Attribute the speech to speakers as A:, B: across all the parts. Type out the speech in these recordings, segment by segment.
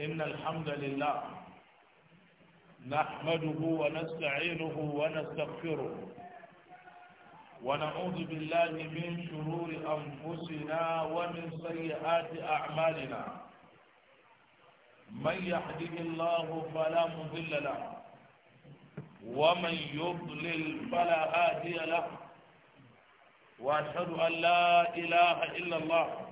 A: إن الحمد لله نحمده ونستعينه ونستغفره ونعوذ بالله من شرور أنفسنا ومن سيئات أعمالنا من يهده الله فلا مضل له ومن يضلل فلا هادي له وأشهد أن لا إله إلا الله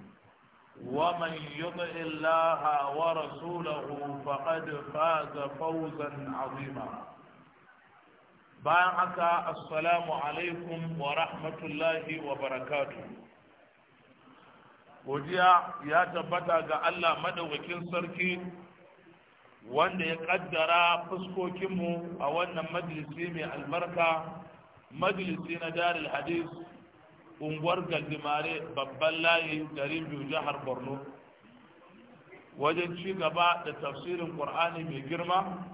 A: ومن يطع الله ورسوله فقد فاز فوزا عظيما باعك السلام عليكم ورحمة الله وبركاته godiya ya tabbata ga Allah madawakin sarki wanda ya ƙaddara fuskokinmu a wannan majalisi mai albarka majalisi na darul unguwar galdimare babban layi garin biyu jihar borno wajen ci gaba da tafsirin ƙur'ani mai girma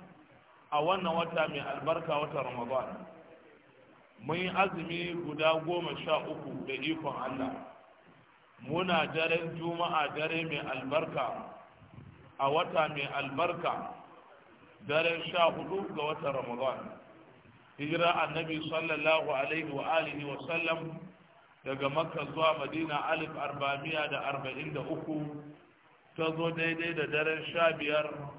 A: a wannan wata mai albarka wata ramadan mun yi azumi guda goma sha uku da ikon allah muna daren juma'a dare mai albarka a wata mai albarka daren sha hudu ga wata ramadan hijira annabi sallallahu alaihi wa alihi wa sallam daga makka zuwa madina alif arba'amiya da arba'in da uku ta zo daidai da daren sha biyar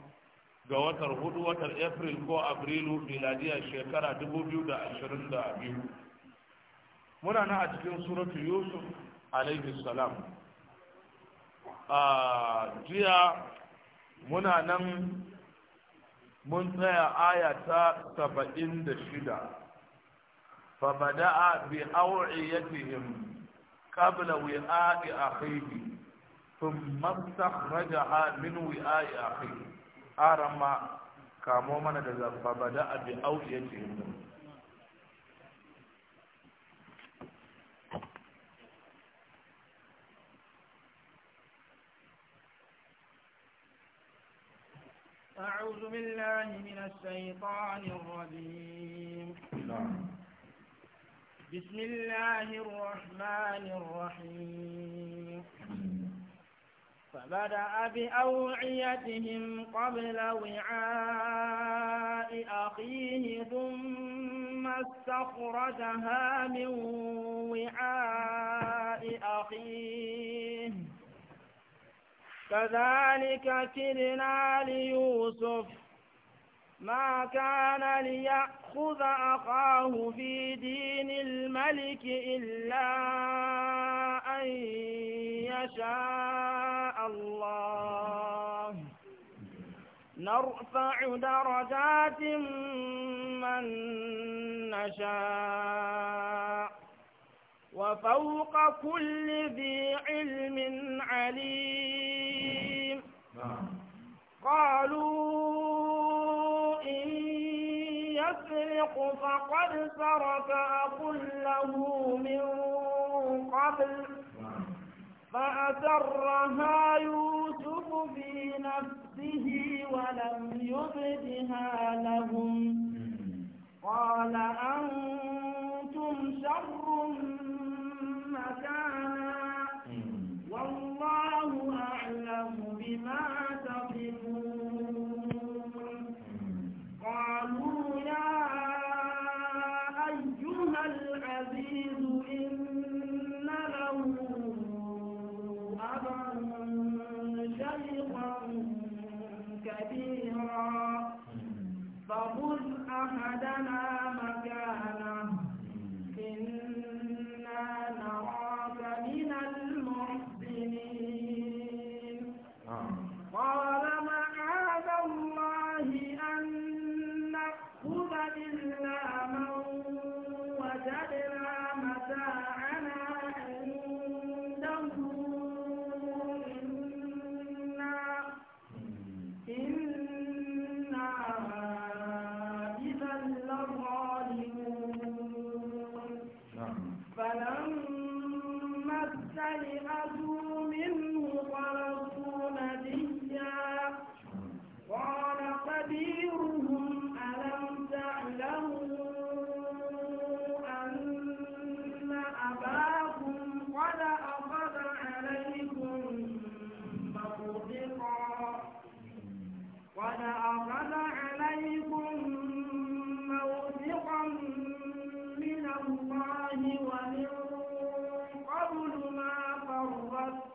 A: ga watar hudu watar april ko abrilu miladiya shekara dubu biyu da ashirin da biyu muna nan a cikin suratu yusuf alaihi salam a jiya muna nan mun tsaya aya ta saba'in da shida فبدأ بأوعيتهم قبل وعاء أخيه ثم استخرجها من وعاء أخيه أرمى كامو من فبدأ بأوعيتهم
B: أعوذ بالله من الشيطان الرجيم نعم. بسم الله الرحمن الرحيم فبدأ بأوعيتهم قبل وعاء أخيه ثم استخرجها من وعاء أخيه كذلك كدنا ليوسف ما كان ليأخذ أخاه في دين الملك إلا أن يشاء الله نرفع درجات من نشاء وفوق كل ذي علم عليم نعم. قالوا يسرق فقد سرق أقل له من قبل فأسرها يوسف في نفسه ولم يبدها لهم قال أنتم شر مكانا والله أعلم بما فخذ أحدنا مكانه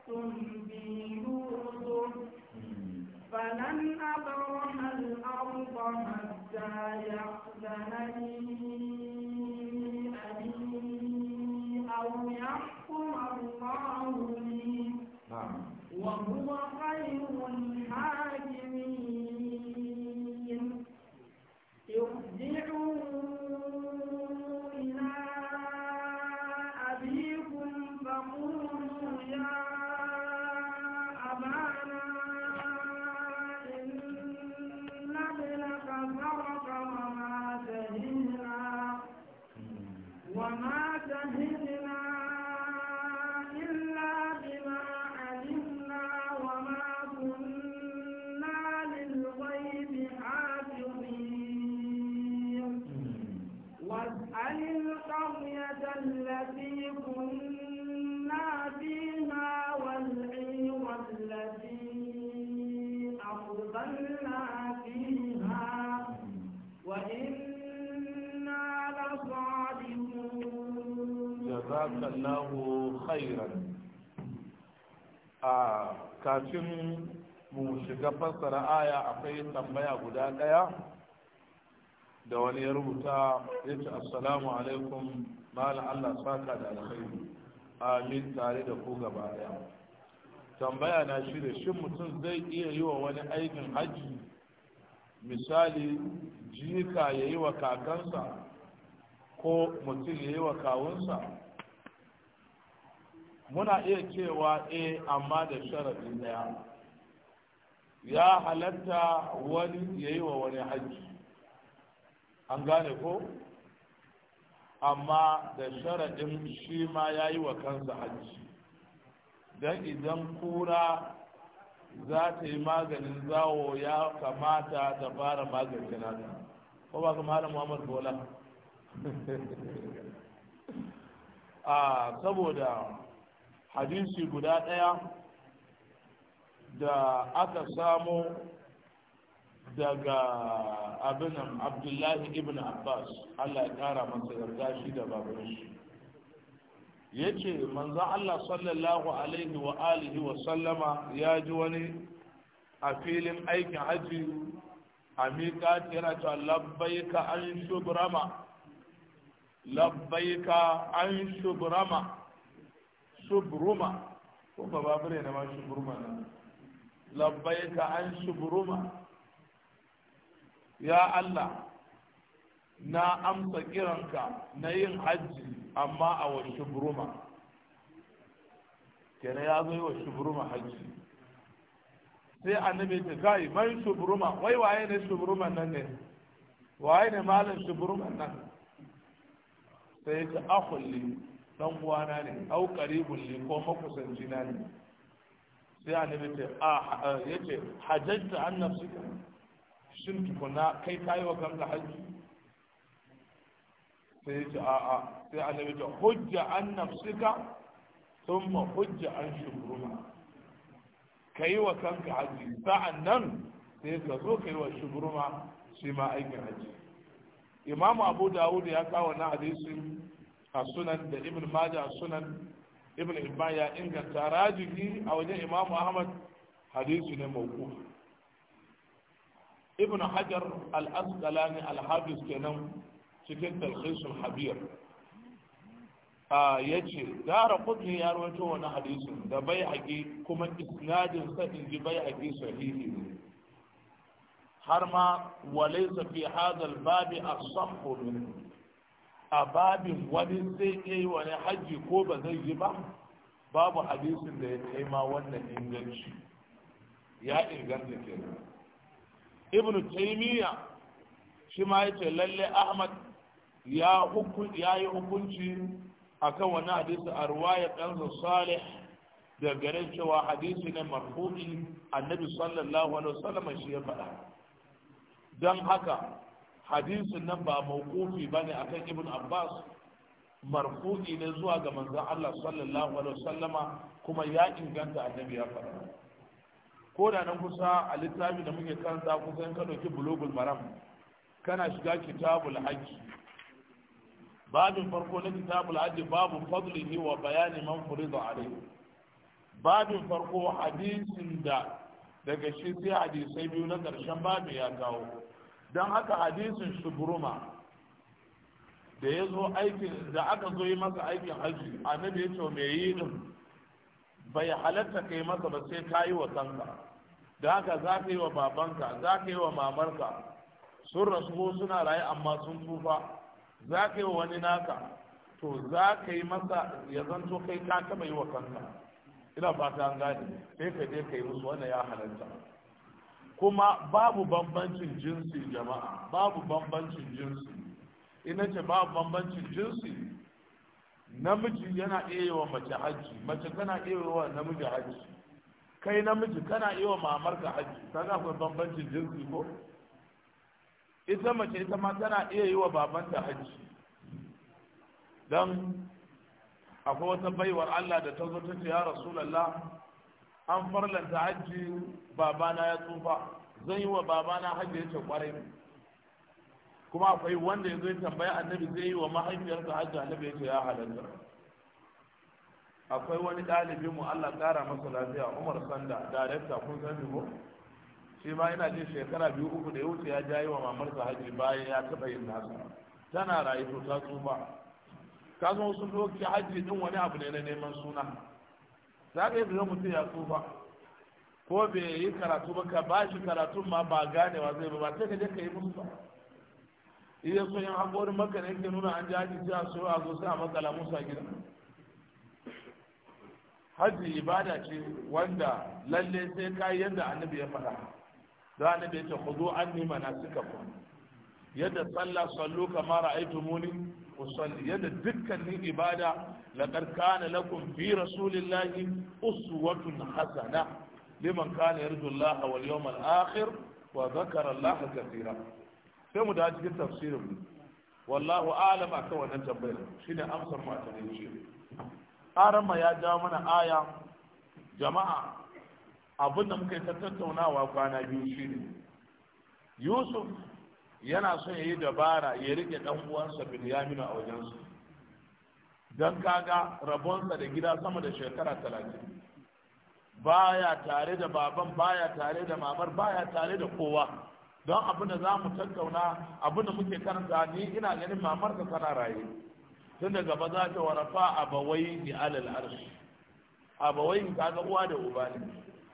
B: أخذتم بي يوسف فلن أبرح الأرض حتى يحزن لي jazakallahu
A: khairan kafin mu shiga fassara aya akwai tambaya guda ɗaya, da wani ya rubuta ya ce assalamu alaikum malam allah saka da alkhairi amin tare da ku gaba daya tambaya na shi da shin mutum zai iya yi wa wani aikin hajji misali jika ya yi wa kakansa ko mutum ya yi wa kawunsa muna iya cewa e amma da sharaɗi ɗaya ya halatta wani ya yi wa wani hajji an gane ko amma da sharaɗin shi ma ya yi wa kansa hajji don idan kura za ta yi maganin zawo ya kamata ta fara maganin nata ko ba ka malam muhammad bola a ah, saboda hadisi guda ɗaya da aka samu daga abin abdullahi ibn abbas allah ya kara masa yarda shi da babar shi ya ce manzan allah sallallahu alaihi wa alihi wa sallama ya ji wani a filin aikin hajji a miƙa yana cewa labbaika an shubrama labbaika an shubrama subruma ko ba babure na ma subruma ne labbaika an subruma ya Allah na amsa kiranka na yin hajji amma a wa subruma kene ya zo yi wa subruma hajji sai annabi ta kai man subruma wai waye ne subruma nan ne waye ne malam subruma nan sai ta akhulli dan uwana ne au karibun ne ko makusanci na ne sai annabi ce a eh, yace hajjata an nafsika shin tukuna kai kayi wa kanka haji sai yace a a sai annabi ce hujja an nafsika thumma hujja an shukruma kai wa kanka haji sa'an nan sai ka zo kai wa shukruma shi ma aikin haji imamu abu dawud ya kawo na hadisin a sunan da ibn maja a sunan ibn ibban ya inganta rajihi a wajen imam ahmad hadisi ne mauku ibn hajar al-asqalani al-habis kenan cikin talhisul habir ya ce gara kudin ya rawaito wani hadisin da bai haƙi kuma isnadin sa in ji bai haƙi sahihi ne har ma walai fi hadal babi a min a babin wani sai ya yi wani hajji ko ba zai yi ba babu hadisin da ya kai ma wannan inganci ya inganta ke ibnu taymiya shi ma yace lalle ahmad ya hukun ya yi hukunci akan wani hadisi a ruwaya kansa salih da gare cewa hadisi ne marfu'i annabi sallallahu alaihi wasallam shi ya faɗa don haka hadisin nan ba mawqufi bane akan ibn abbas marfu'i ne zuwa ga manzon Allah sallallahu alaihi wasallama kuma ya inganta annabi ya faɗa ko da nan kusa a littafi da muke karanta kusan ka ɗauki bulogul maram kana shiga kitabul hajji babin farko na kitabul hajji babu fadlihi wa bayani man furida alaihi babin farko hadisin da daga shi sai hadisai biyu na ƙarshen babu ya kawo don haka hadisin shubruma da ya zo aikin da aka zo yi masa aikin haji annabi ya ce mai yi din bai halatta kai masa ba sai ka yi wa kanka da haka za ka yi wa babanka za ka yi wa mamarka sun rasu ko suna raye amma sun tufa za ka yi wa wani naka to za ka yi masa ya zanto kai ka taba yi wa kanka ina fata an gane sai ka je ka yi musu wannan ya halatta kuma babu bambancin jinsi jama'a babu bambancin jinsi ina ce babu bambancin jinsi namiji yana iya yi wa mace hajji mace tana iya yi wa namiji hajji kai namiji kana iya wa mamarka hajji za akwai bambancin jinsi ko ita mace ita ma tana iya yi wa babanta hajji dan akwai wata baiwar Allah da ta zo ta ce ya Rasulullah an farlanta hajji babana ya tsufa zan yi wa babana hajji ya ce kwarai kuma akwai wanda ya zai tambaya annabi zai yi wa mahaifiyarsa hajji annabi ya ce ya halarta akwai wani ɗalibin mu Allah ƙara masa lafiya Umar Sanda director kun san ko shi ma ina jin shekara biyu uku da ya wuce ya jayi wa mamarsa hajji bayan ya taɓa yin nasa tana rayu ta tsufa ka zo sun doki hajji din wani abu ne na neman suna za ka yi ga mutum ya tsufa ko bai yi karatu ba ka ba shi karatun ma ba ganewa zai ba ba sai ka je ka yi musu ba iya so yin haƙorin maka ne ke nuna an ji haji so a zo sai a makala musu a gida haji ibada ce wanda lalle sai ka yi yadda annabi ya faɗa da annabi ya ce khudu suka manasikakum yadda sallah sallu kama ra'aytumuni usalli yadda dukkanin ibada لقد كان لكم في رسول الله أسوة حسنة لمن كان يرجو الله واليوم الآخر وذكر الله كثيرا سيما دا cikin tafsirin wallahu alam akan wannan tambayar shine amsar mu a tare shi ya ja mana aya jama'a abin da tattaunawa kwana biyu Yusuf yana son ya yi dabara ya rike ɗan uwansa Binyamin a wajensu don kaga rabonsa da gida sama da shekara talatin baya tare da baban baya tare da mamar baya tare da kowa don abin da za mu tattauna abin da muke karanta ni ina ganin mamar da tana raye tun daga ba za ta warafa bawai ni alal arshi abawai kaga uwa da uba ne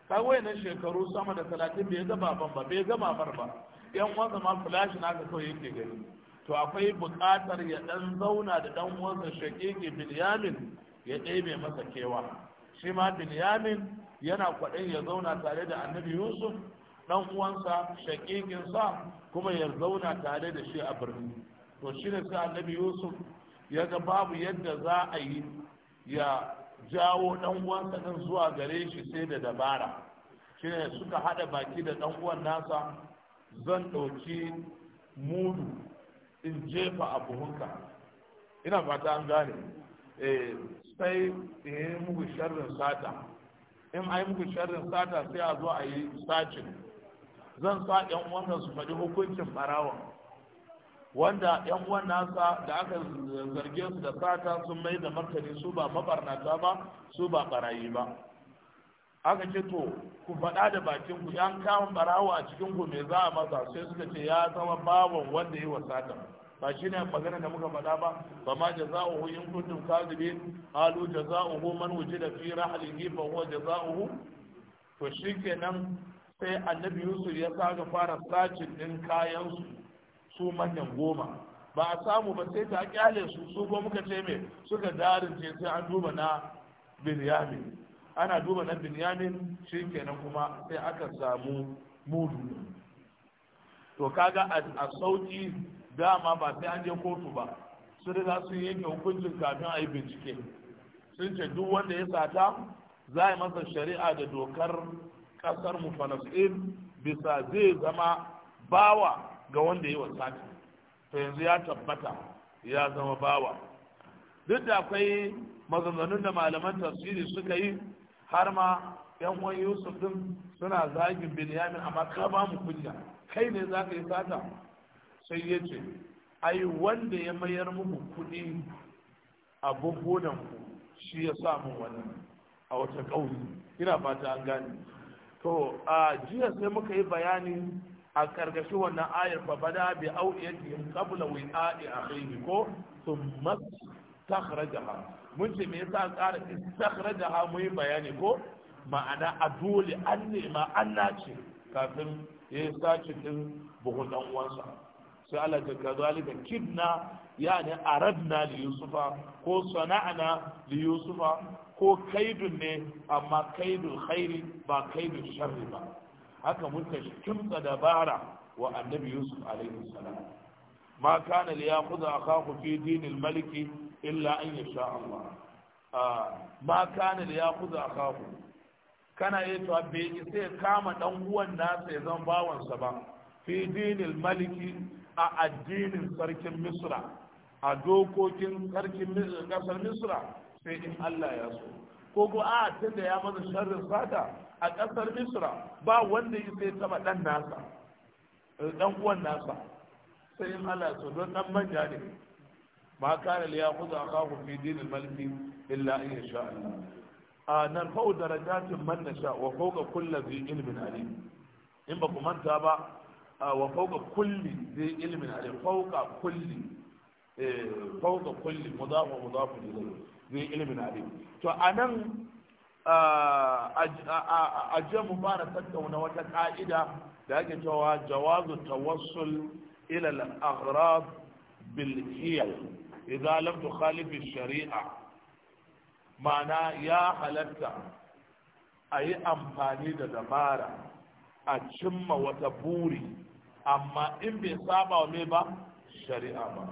A: kaga wayannan shekaru sama da talatin bai ga baban ba bai ga mamar ba yan uwansa ma flash na ka kawai yake gani to akwai buƙatar ya ɗan zauna da ɗan uwansa shaƙiƙi bilyamin ya ɗebe masa kewa shi ma bilyamin yana kwaɗin ya zauna tare da annabi yusuf ɗan uwansa shaƙiƙinsa kuma ya zauna tare da shi a birni to shi ne sai annabi yusuf ya ga babu yadda za a yi ya jawo ɗan uwansa ɗin zuwa gare shi sai da dabara shi ne suka haɗa baki da ɗan uwan nasa zan ɗauki mudu in jefa a buhunka ina fata an gane eh, sai in yi muku sharrin sata in yi muku sharrin sata sai a zo a yi sacin zan sa yan uwansa su faɗi hukuncin ɓarawon wanda yan uwan nasa da aka zarge su da sata sun mai da martani su ba mabarnata ba su ba ɓarayi ba aka ce to ku faɗa da bakin ku yan kama barawo a cikin ku mai za a masa sai suka ce ya zama baban wanda ya wasata ba shi ne magana da muka faɗa ba ba ma jaza'uhu in kuntum kadibin qalu jaza'uhu man wujida fi rahlihi fa huwa jaza'uhu to shi kenan sai annabi yusuf ya saka fara sacin din kayan su su manyan goma ba a samu ba sai ta kyale su su ko muka ce me suka ce sai an duba na binyamin ana duba na binyamin shi kenan kuma sai aka samu mudu to kaga a sauki dama ba sai an je kotu ba sun riga sun yanke hukuncin kafin a yi bincike sun ce duk wanda ya sata za a yi masa shari'a da dokar kasar mu falasɗin bisa zai zama bawa ga wanda ya sati. to yanzu ya tabbata ya zama bawa duk da akwai maganganun da malaman tafsiri suka yi har ma yan uwan yusuf din suna zagin binyamin amma ka ba mu kunya kai ne za ka yi sata sai ya ce ai wanda ya mayar muku kuɗi a buhunan ku shi ya sa mu wani a wata ƙauni ina fata an gane to a jiya sai muka yi bayani a karkashi wannan ayar fa bada bi auɗiyatihim qabla wi'a'i akhihi ko thumma takhrajaha mun ce me yasa ƙara istakhrajaha mu yi bayani ko ma'ana a dole an nema an nace kafin ya yi sacin din buhun dan uwansa sai Allah ta ka zalika kidna yani aradna li yusufa ko sana'ana li yusufa ko kaidun ne amma kaidul khairi ba kaidul sharri ba haka muka kimtsa dabara wa annabi yusuf alaihi salam ma kana li yakhudha akahu fi dinil maliki illa an yasha Allah ma kana li yakhudha akahu kana yi to bai sai kama dan uwan nasa ya zama bawansa ba fi dinil maliki a addinin sarkin misra a dokokin sarkin ƙasar misra sai in Allah ya so ko ko a tunda ya masa sharrin sata a ƙasar misra ba wanda ya sai taba nasa dan nasa sai in Allah su don dan manja ne ma kana liya khudha akahu fi dinil maliki illa in sha Allah nan fa'u darajatin man nasha wa fawqa kulli dhi ilmin alim in ba ku manta ba wa fawqa kulli dhi ilmin alim fawqa kulli eh, fawqa kulli mudaf mudaf ilayhi dhi ilmin alim to anan a jiya mu fara tattauna wata ka'ida da ake cewa jawazu tawassul إلى الأغراض بالحيل إذا لم تخالف الشريعة معنى يا حلتا أي أمفاني دبارة أتشم وتبوري أما إن بيصابة وميبا شريعة ما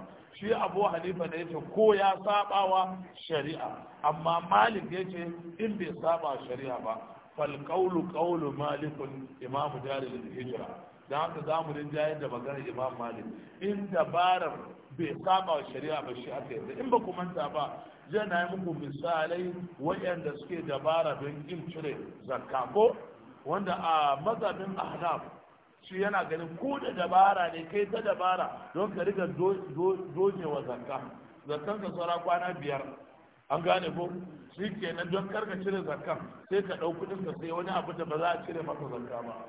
A: shi abu hanifa da yace ko ya saba shari'a amma malik yace in bai saba shari'a ba fal qawlu qawlu malikun imamu daril hijra da haka za mu rinjaye da maganar imam malik in dabarar bai saba wa shari'a ba shi aka yadda in ba ku manta ba na yi muku misalai waɗanda suke dabara don in cire zakka ko wanda a mazabin ahnaf shi yana ganin ko da dabara ne kai ta dabara don ka riga doje wa zakka zakkan ka saura kwana biyar an gane ko shi kenan don karka cire zakka sai ka ɗau kuɗin ka sai wani abu da ba za a cire maka zakka ba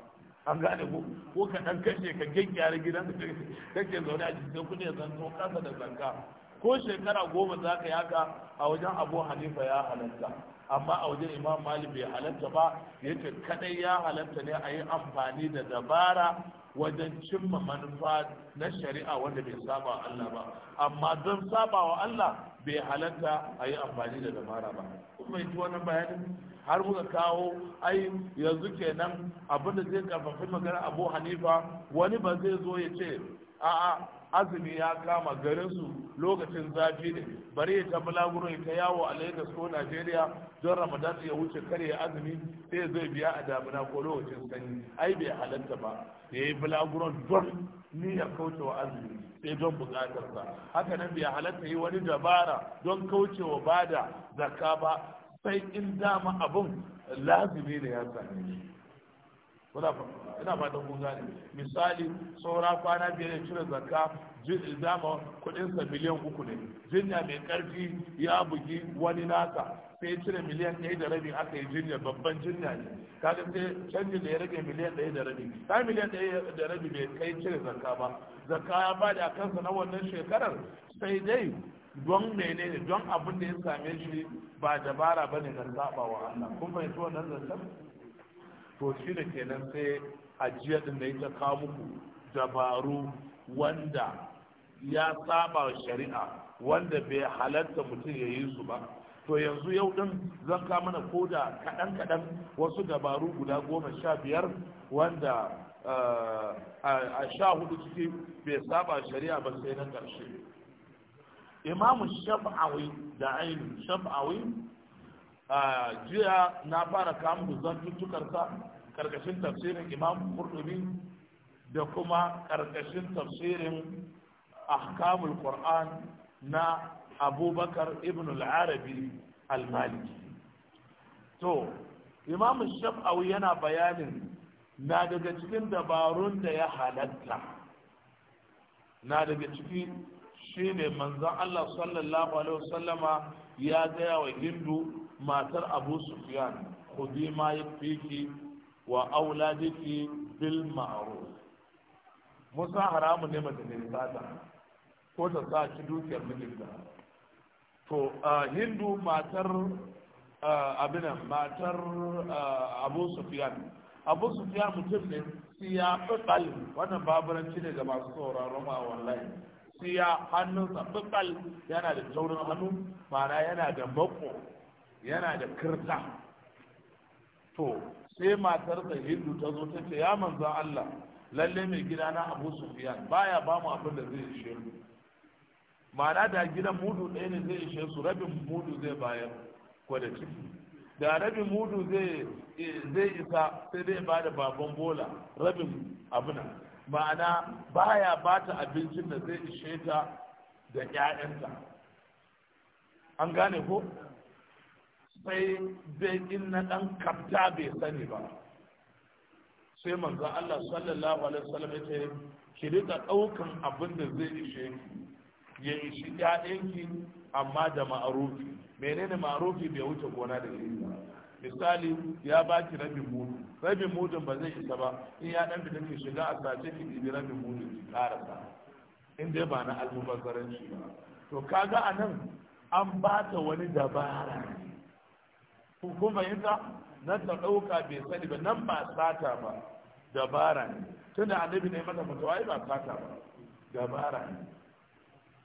A: an gane ko ko ka dan kashe ka gyaggyara gidan da kake zaune a cikin kudi ya zanto kasa da zanka ko shekara goma za ka yaka a wajen abu hanifa ya halatta amma a wajen imam malik bai halatta ba ya ce kadai ya halatta ne a yi amfani da dabara wajen cimma manufa na shari'a wanda bai saba Allah ba amma don saba wa Allah bai halatta a yi amfani da dabara ba kuma yi wannan bayanin har kuka kawo ai yanzu kenan abin da zai karfafi magana abu hanifa wani ba zai zo ya ce a'a azumi ya kama garinsu lokacin zafi ne bari ya tafi laguro ya ta yawo a lagos ko najeriya don ramadan ya wuce kare ya azumi sai zai biya a damina ko lokacin sanyi ai bai halatta ba ya yi bulaguron don ni ya kauce wa azumi sai don bukatarsa haka nan bai halatta yi wani dabara don kaucewa bada zakka ba sai in dama abun lazimi ne ya same shi ina fatan kun gane misali saura kwana biyar cire zakka dama kudinsa miliyan uku ne jinya mai karfi ya bugi wani nasa sai cire miliyan ɗaya da rabi aka yi jinya babban jinya ne kaga sai canji da ya rage miliyan ɗaya da rabi ta miliyan ɗaya da rabi bai kai cire zakka ba zakka ya bada a kansa na wannan shekarar sai dai don menene don abin da ya same shi ba dabara ba ne da saba wa Allah kun fahimci wannan zancen to shi da kenan sai ajiya din da ita kawo muku dabaru wanda ya saba shari'a wanda bai halatta mutum ya yi su ba to yanzu yau din zan ka mana da kaɗan kaɗan wasu dabaru guda goma sha biyar wanda eh, a sha hudu ciki bai saba shari'a ba sai na ƙarshe imamu shab'awi da ainu shab'awi jiya na fara kamun cutukarsa karkashin tafsirin imam kurdubi da kuma karkashin tafsirin ahkamul qur'an na abubakar ibn al-arabi al-maliki to imam shab'awi yana bayanin na daga cikin dabarun da ya halatta na daga cikin Shi ne manzan Allah sallallahu alaihi wasallama ya gaya wa hindu matar abu sufyan bi ma fiki wa auladiki bil ma'ruf musa haramu ne mata ne sata ko ta sa shi dukiyar mijinta to hindu matar abinan matar abu sufyan abu sufyan mutum ne siya ɗalin wannan baburanci ne ga masu sauraron a wallahi siya hannunsa bukal yana da taurin hannu mana yana da mako yana da kirta to sai matarsa hindu ta zo ta ce ya manzo Allah lalle mai gida na abu su baya ba mu abin da zai ishe mu mana da gidan mudu ɗaya ne zai ishe su rabin mudu zai bayar ko da ciki da rabin mudu zai eh, isa sai dai ba da baban bola rabin nan ma'ana baya ba ta abincin da zai ishe ta da 'ya'yanta an gane ko sai dai in na ɗan kafta bai sani ba sai manzo Allah sallallahu alaihi wasallam ya ce ki rika ɗaukan abin da zai ishe ki ya ishi ƴaƴanki amma da ma'arufi menene ma'arufi bai wuce gona da ke misali ya baki rabin mudu rabin mudun ba zai isa ba in ya dan fita ki shiga a sace ki ɗibi rabin mudu ki karasa in dai ba na almubazzaranci ba to kaga a nan an ba ta wani dabara ne fahimta na ta ɗauka bai sani ba nan ba sata ba dabara ne tunda annabi ne mata mutuwa ba sata ba dabara ne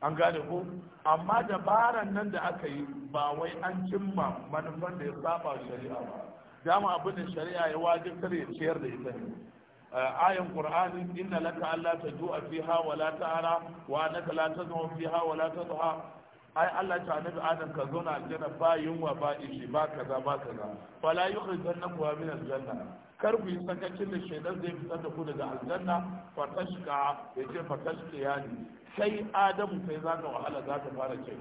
A: an gane ko amma dabaran nan da aka yi ba wai an cimma manufan da ya saba shari'a ba dama abin da shari'a ya wajibtar ya ciyar da ita eh, ayan qur'ani inna laka alla tajua fiha wa la ta'ara wa annaka la tadhu fiha wa la tadha ai Allah ta annabi Adam ka zauna aljanna ba yunwa ba ishi ba kaza ba kaza fala yukhrijannakum wa min aljanna kar ku yi sakacin da shaidan zai fitar da ku daga aljanna fatashka yace fatashka yani sai Adam sai zaka wahala zaka fara ce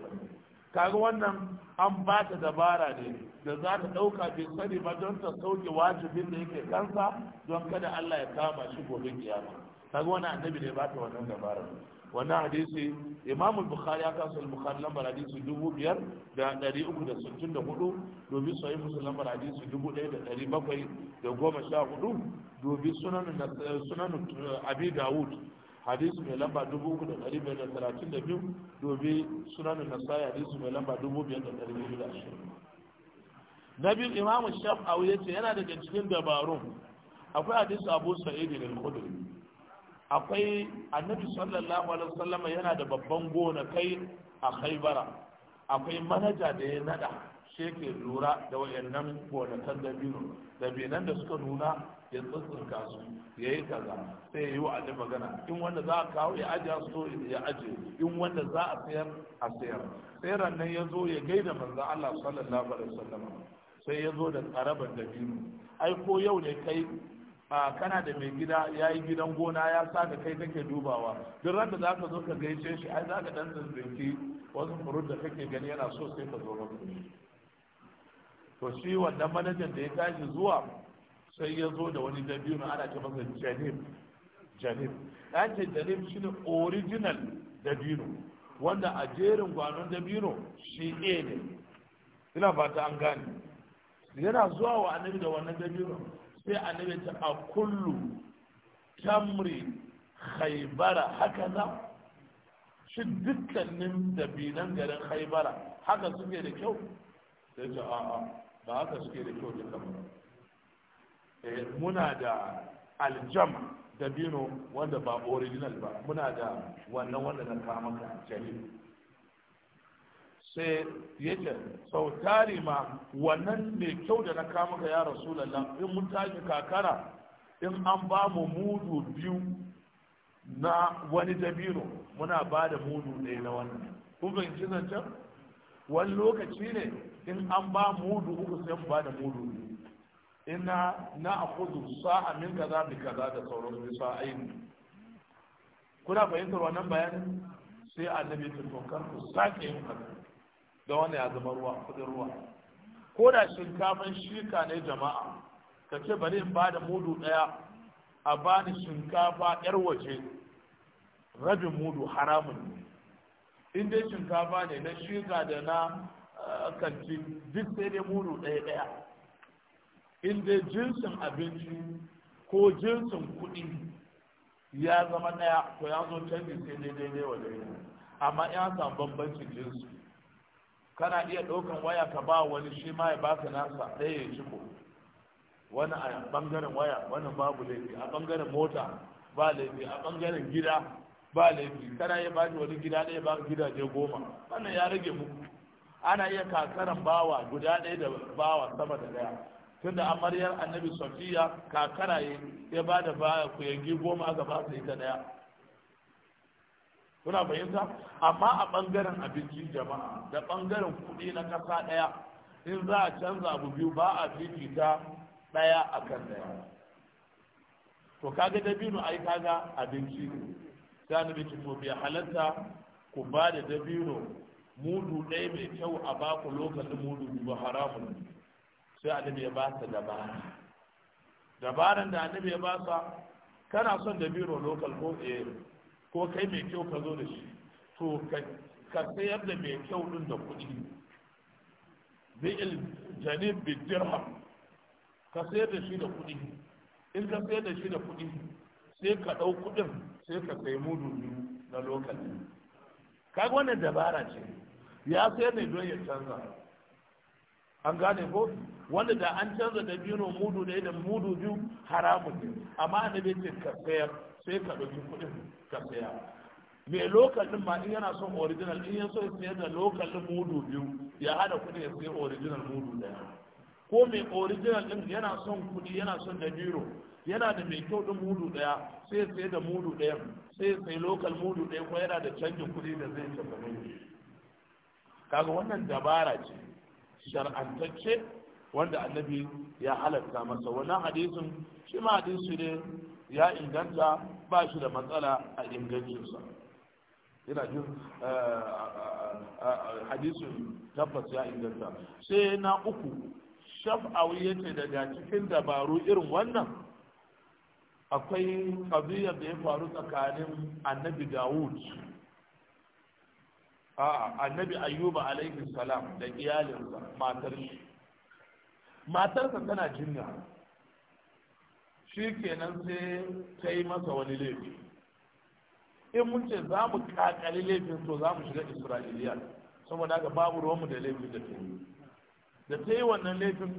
A: kaga wannan an ba ta dabara ne da za ta dauka bai sani ba don ta sauke wajibin da yake kansa don kada Allah ya kama shi gobe kiyama kaga wannan annabi ne ba ta wannan dabara wannan hadisi imamu bukhari aka sa bukhari lambar hadisi dubu biyar da ɗari uku da sittin da hudu domin sahih muslim lambar hadisi dubu ɗaya da ɗari bakwai da goma sha hudu domin sunan eh, abi dawud hadisi mai lamba dubu uku da ɗari biyar da talatin da biyu domin sunan nasai hadisi mai lamba dubu biyar da ɗari biyu da ashirin na biyu imamu shaf'awi ya ce yana daga cikin dabarun akwai hadisi abu sa'idi da al-khudri akwai annabi sallallahu alaihi wasallam yana da babban gona kai a khaibara akwai manaja da ya nada shi ke lura da wayannan gonakan dabino dabinan da suka nuna ya tsintsinka su ya yi kaza sai ya yi wa annabi magana in wanda za a kawo ya ajiye so ya ajiye in wanda za a sayar a sayar sai rannan ya zo ya gaida manzon Allah sallallahu alaihi wasallam sai ya zo da tsaraban dabino ai ko yau ne kai a kana da mai gida ya yi gidan gona ya sa ka kai kake dubawa duk randa za ka zo ka gaishe shi ai za ka dan zanzanki wasu furut da kake gani yana so sai ka zo maka to shi wannan manajan da ya tashi zuwa sai ya zo da wani dabino ana ce masa janib janib an janib shi shine original dabino wanda a jerin gwanon dabino shi ne ina fata an gane yana zuwa wa annabi da wannan dabino sai a ta a kullu tamri haibara haka za shi dukkanin dabinan garin haibara haka suke da kyau sai ta a'a ba haka suke da kyau da ba
B: eh, muna
A: da aljam dabino wanda ba original ba muna da wannan wanda na kama ka jalil sai yake sau ma wannan mai kyau da na kama ka ya rasulallah in mun tashi kakara in an ba mu mudu biyu na wani dabino muna ba da mudu ɗaya na wannan kun fahimci can wani lokaci ne in an ba mudu uku sai mu ba da mudu biyu ina na akudu sa'a min kaza bi kaza da sauran bisa aini kuna fahimtar wannan bayanin sai annabi ta tokar ku sake yin haka da wani ya zama ruwa kudin ruwa ko da shinkafan shika ne jama'a ka ce bari in ba da mudu ɗaya a bani shinkafa yar waje rabin mudu haramun ne in dai shinkafa ne na shika da na eh, kanti duk sai dai mudu ɗaya ɗaya in dai jinsin abinci ko jinsin kuɗi ya zama ɗaya ko ya zo canji sai dai daidai wa daidai amma ya samu bambancin jinsin kana iya ɗaukan waya ka ba wani shi ma ya baka nasa ɗaya ya ciko wani a ɓangaren waya wani babu laifi a ɓangaren mota ba laifi a ɓangaren gida ba laifi kana iya baki wani gida ɗaya ba gidaje goma wannan ya rage muku ana iya kakaran bawa guda ɗaya da bawa sama da ɗaya tunda amaryar annabi safiya kakara ya ba da baya kuyangi goma aka ba su ita ɗaya kuna fahimta amma a bangaren abinci jama'a da bangaren kuɗi na ƙasa ɗaya in za a canza abu biyu ba a ta ɗaya a kan ɗaya to kaga dabino ai kaga abinci sai na bici to bi halatta ku ba da dabino mudu ɗaya mai kyau a baku lokacin mudu biyu haramun sai annabi ya ba ta dabara dabaran da annabi ya ba sa kana son dabino lokal ko eh ko kai mai kyau ka zo da shi to ka sayar da mai kyau din da kuɗi bi'il janib bi dirham ka sayar da shi da kuɗi in ka sayar da shi da kuɗi sai ka ɗau kuɗin sai ka sayi mudu biyu na lokaci. kaga wannan dabara ce ya sayar ne don ya canza an gane ko wanda da an canza da biyu mudu da da mudu biyu haramun ne amma annabi ce ka sayar sai ka ɗauki kuɗin ka saya Me lokal ɗin ma in yana son original in ya so ya da lokal ɗin mudu biyu ya hada kuɗi ya sayi original mudu ɗaya. ko mai original ɗin yana son kuɗi yana son da biro yana da mai kyau ɗin mudu ɗaya sai ya sayar da mudu daya sai ya sayi lokal mudu ɗaya ko yana da canjin kuɗi da zai tafi mai kaga wannan dabara ce shar'antacce wanda annabi ya halatta masa wannan hadisin shi ma hadisi ne ya inganta ba shi da matsala a ingancinsa yana jin eh, eh, eh, hadisin tabbas ya inganta sai na uku shaf'awi ya ce daga cikin dabaru irin wannan akwai kabiyar da ya faru tsakanin annabi dawud annabi ayyuba alaihi salam da iyalinsa matar shi matarsa tana jinya shi kenan sai ta yi masa wani laifi in mun ce za mu kakali laifin to za mu shiga isra'iliya saboda ga babu ruwanmu da laifin da ta yi da ta yi wannan laifin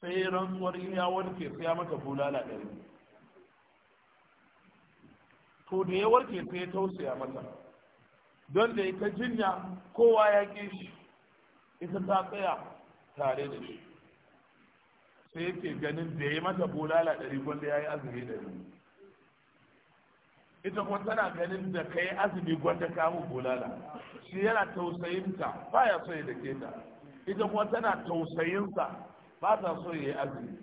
A: sai rantsuwar iya warke sai ya mata bulala ɗari to da ya warke sai ya tausaya mata don da ita jinya kowa ya ƙi shi ita ta tsaya tare da shi sai yake ganin da ya mata bulala ɗari gwanda ya yi azumi ɗari ita kuma tana ganin da ka yi azumi gwanda kamun bulala shi yana tausayinta ba ya so ya dake ta ita kuma tana tausayinsa ba ta so ya yi azumi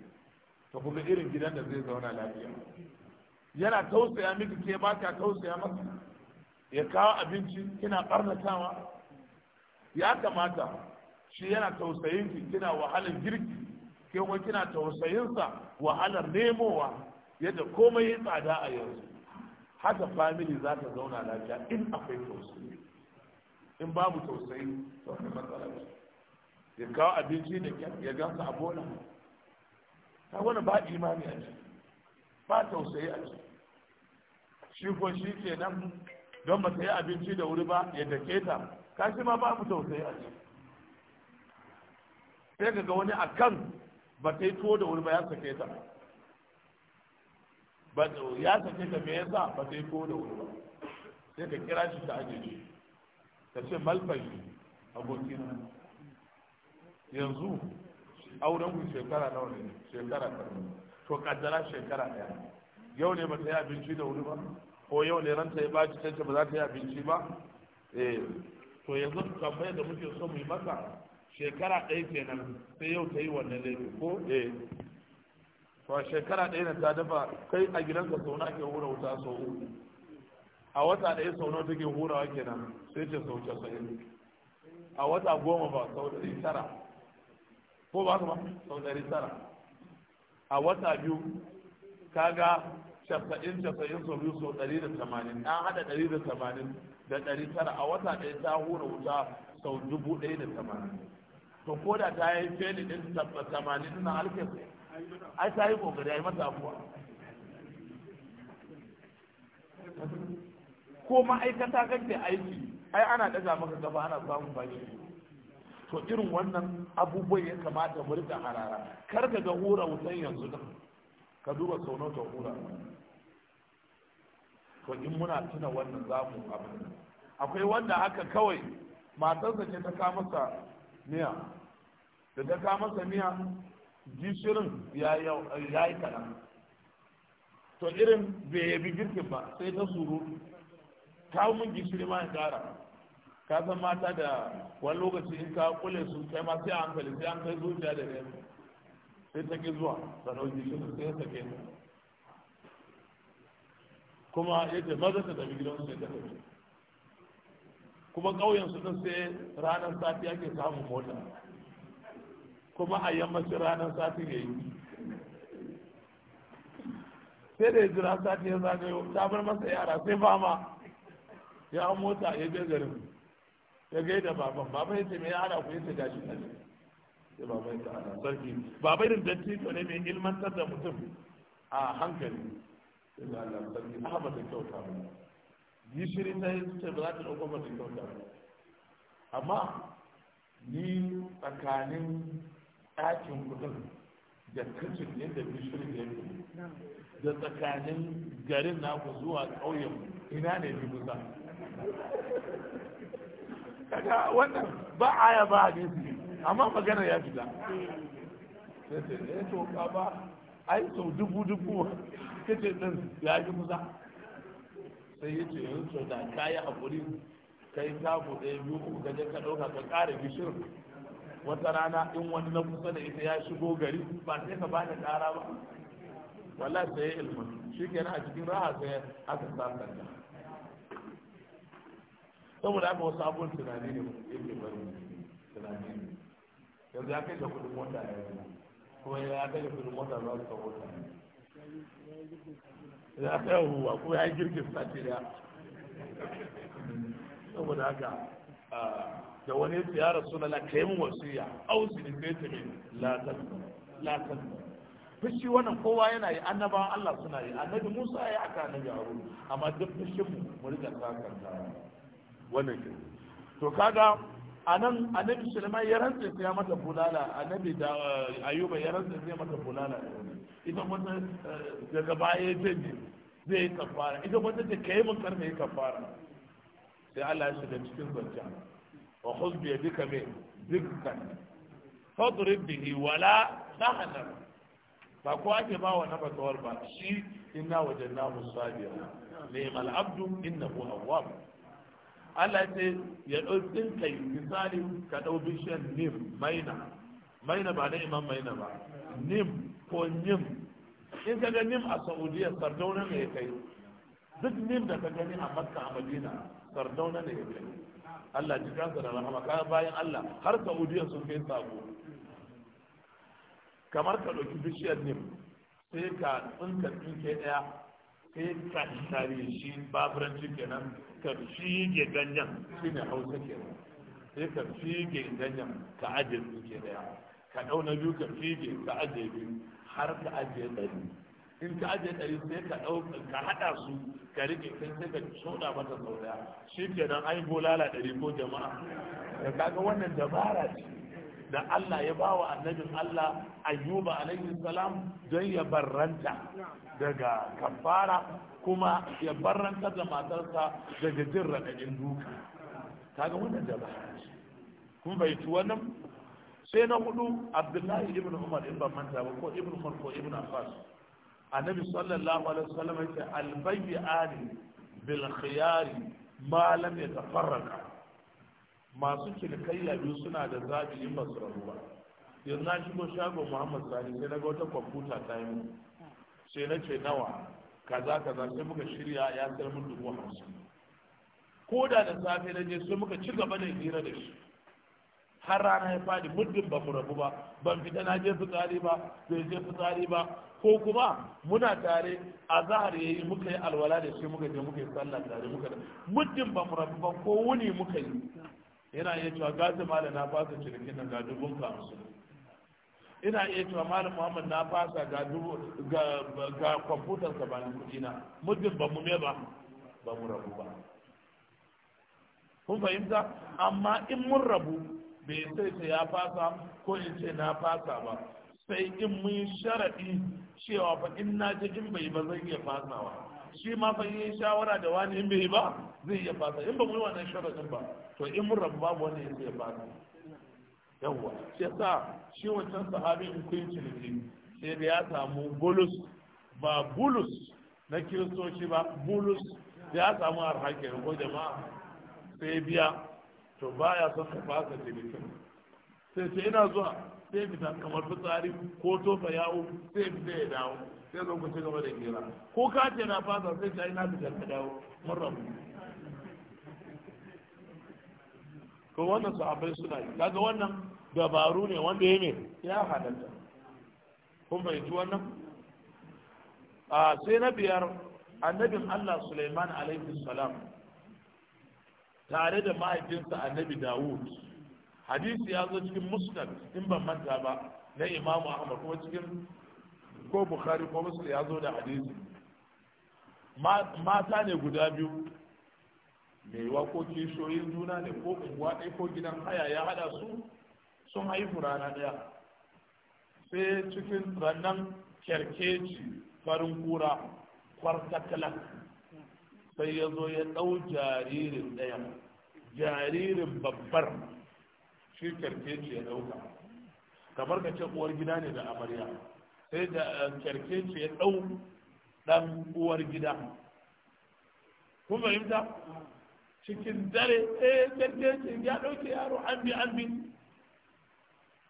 A: ta kuma irin gidan da zai zauna lafiya yana tausaya miki ke ba ka tausaya masa ya kawo abinci kina ɓarnatawa ya kamata shi yana tausayin ki kina wahalar girki ke kuma kina tausayinsa wahalar nemowa yadda komai ya tsada a yanzu haka family za ta zauna lafiya in akwai tausayi in babu tausayi to akwai matsala ya kawo abinci da ya gansa a bola ta wani ba imani a ciki ba tausayi a ciki shi ko shi ke nan don ba ta yi abinci da wuri ba ya dake ta kashi ma babu tausayi a ciki sai ga wani a kan ba ta yi tuwo da wuri ba ya sake ta ya sake ta me yasa ba ta yi tuwo da wuri ba sai ka kira shi ta ajiye shi ta ce malfai, abokina yanzu auren ku shekara nawa ne shekara ta. to kaddara shekara ɗaya. yau ne ba ta yi abinci da wuri ba ko yau ne ranta ya baci ta ba za ta yi abinci ba eh to yanzu tambayar da muke so mu yi masa shekara ɗaya kenan sai yau ta yi wannan laifi ko eh to shekara ɗaya na ta dafa kai a gidanka sau na ke hura wuta sau uku a wata ɗaya sau na take hurawa kenan sai ce sau casa'in a wata goma ba sau ɗari tara ko ba ba sau ɗari tara a wata biyu kaga casa'in casa'in sau biyu sau ɗari da tamanin an haɗa ɗari da tamanin da ɗari tara a wata ɗaya ta hura wuta sau dubu ɗaya da tamanin to ko da ta yi feni ɗin tamanin suna alkes ai ta yi kokari ai mata abuwa ko ma'aikata kake aiki ai ana ɗaga maka gaba ana samun baki to irin wannan abubuwan ya kamata mu rika harara kar ka ga hura wutan yanzu din ka duba sau ta hura to in muna tuna wannan zamu abu akwai wanda haka kawai matarsa ce ta kama masa miya da ta ka masa miya gishirin ya yi kaɗan to irin bai yabi girkin ba sai ta suru kawo mun gishiri ma ya kara ka san mata da wani lokaci in ka kule su kai ma sai a hankali sai an kai zuciya da ɗaya sai ta ki zuwa ta ɗau gishirin sai ta ke kuma ya ce maza ta tafi gidan sai ta tafi kuma ƙauyen su sai ranar safiya ke samun mota kuma a yammacin ranar sati ya yi sai da ya jira sati ya zagaye ta bar masa yara sai fama ya mota ya je garin ya gaida baban baban ya ce me yara ku ya ce gashi ne sai baban ya ce ana sarki baban irin dattijo ne mai ilmantar da mutum a hankali ina da sarki ahmad da kyauta mu shiri ta yi ce ba za ta ɗauko ba da kyauta ba. amma ni tsakanin ɗakin kudin da kacin yadda bishir da yake da tsakanin garin naku zuwa ƙauyen ina ne bi kusa
C: kaga wannan
A: ba aya ba a gaisu amma magana ya fita sai sai ne eh to ka ba ai sau dubu dubu kace din ya ji kusa sai ya ce yanzu eh da kayi haƙuri kai ka buɗe biyu ka je ka ɗauka ka ƙara gishirin wata rana in wani na kusa da ita ya shigo gari ba sai ka ba da ƙara ba wala sai ilmin shi kenan a cikin raha sai aka sa kanta saboda aka wasu abun tunani ne yake bari tunani ne yanzu ya kai da kudin mota ya yi kuma ya kai da kudin mota za su kawo ta
C: ya kai huwa kuma ya
A: yi girgin sati daya saboda haka da wani ya rasu na kai mun wasiya ausi ne sai ta min fushi wannan kowa yana yi annaba, Allah suna yi annabi Musa ya yi aka annabi Harun amma duk fushin mu mu riga sakanta wannan ke to kaga anan annabi Sulaiman ya rantsa sai ya mata bulala annabi da eh, Ayuba ya rantsa sai ya mata bulala idan wata eh, daga baya ya zai yi kafara idan wata da kayan mun ya kafara sai Allah ya shiga cikin zancen wa husbi bika me dukkan fadrib bihi wala nahna ba ko ake ba wa naba kawar ba shi inna wajanna musabiya ni'mal abdu innahu awwab Allah ce ya ɗauki kai misali ka ɗau bishiyar nim maina maina ba na imam maina ba nim ko nim in ka ga nim a saudiya sardauna ne kai duk nim da ka gani a makka a madina sardauna ne ya Allah ji kansa da rahama kayan bayan Allah har Saudiya sun kai sabo kamar ka ɗauki bishiyar nim sai ka tsinka tsinke ɗaya sai ka share shi baburanci kenan ka shige ganyen shi ne hausa kenan sai ka shige ganyen ka ajiye tsinke ɗaya ka dauna biyu ka shige ka ajiye biyu har ka ajiye ɗari in ka ajiye ɗari sai ka ɗauka ka haɗa su ka rike kai sai ka shoɗa mata sau ɗaya shi kenan an yi bolala ɗari ko jama'a da kaga wannan dabara ce da Allah ya bawa annabin Allah ayyuba alaihi salam don ya barranta daga kafara kuma ya barranta da matarsa daga jin raɗaɗin duka kaga wannan dabara ce kun bai wannan sai na hudu abdullahi ibn umar in ban manta ba ko ibn umar ko ibn abbas annabi sallallahu alaihi wasallam yace albayyani bil khiyari ma lam yatafarraqa masu cinikayya biyu suna da zabi in ba su rabu ba yanzu na shigo shagon muhammad sani sai na ga wata kwamfuta ta yi sai na ce nawa kaza kaza sai muka shirya ya sayar mun dubu hamsin ko da da safe na je sai muka ci gaba da hira da shi har rana ya fadi muddin ba mu rabu ba ban fita na je fitsari ba bai je fitsari ba ko kuma muna tare a zahar ya yi muka yi alwala da shi muka je muka yi sallah tare muka muddin ba mu rabu ba ko wuni muka yi yana iya cewa gaji malam na fasa cinikin nan ga dubun hamsin ina iya cewa malam muhammad na fasa ga dubu ga ga kwamfutar sa bayan kuɗi na muddin ba mu me ba ba mu rabu ba kun fahimta amma in mun rabu bai sai sai ya fasa ko in ce na fasa ba sai in mun sharaɗi cewa fa in na ji in bai ba zai iya fasawa shi ma fa yi shawara da wani in bai ba zai iya fasa in ba mu yi wannan sharaɗin ba to in mun rabu babu wani ya zai fasa yawwa shi yasa shi wancan in kun ciniki sai da ya samu bulus ba bulus na kiristoci ba bulus da ya samu arhaƙin ko jama'a sai biya to baya son ka fasa jirgin. sai ce ina zuwa sai fita kamar fitsari ko tofa yawo sai fita ya dawo sai zo ku ci gaba da kira ko ka ce na fasa sai ta yi na fitar ka dawo mun mu to wannan su sahabbai suna yi kaga wannan dabaru ne wanda ya ne ya halatta kun fahimci wannan a sai na biyar annabin Allah Sulaiman alaihi salam tare da mahaifinsa annabi Dawud hadisi ya zo cikin musnad in ban manta ba na imam ahmad kuma cikin ko bukhari ko muslim ya zo da hadisi mata ne guda biyu mai ko kishoyin juna ne ko unguwa ɗaya ko gidan haya ya hada su sun haihu rana ɗaya sai cikin rannan kyarkeci farin kura kwartakala sai ya zo ya ɗau jaririn ɗaya jaririn babbar shi ce ya ɗauka kamar ka ce uwar gida ne da amarya sai da eh, ce ya ɗau ɗan uwar gida kun fahimta cikin dare eh ce ya ɗauke yaro an bi an bi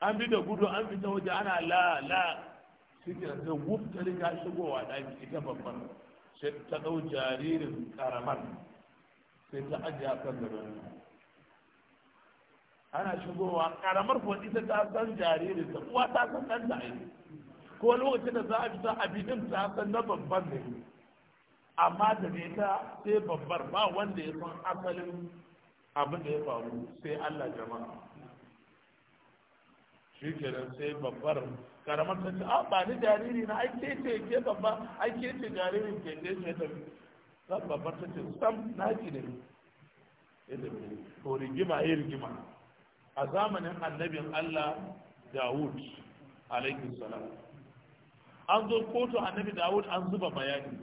A: an bi da gudu an bi ta waje ana la la shi ke sai ga ta riga shigowa ɗaki ita babban sai ta ɗau jaririn ƙaramar sai ta ajiye a kan gaban ana shigowa karamar kuwa ta san jariri ta uwa ta san ɗan jaririn ko lokacin da za a fita abinin ta san na babban ne amma da ne ta sai babbar ba wanda ya san asalin abin da ya faru sai Allah jama'a shi kenan sai babbar karamar ta ce a ba ni jariri na ai ke ce ke babba ai ke ce jaririn ke ne ce ta babbar ta ce sam na ne, da ni to rigima ai eh rigima a zamanin annabin Allah Dawud alaihi salam an zo kotu annabi Dawud an zuba bayani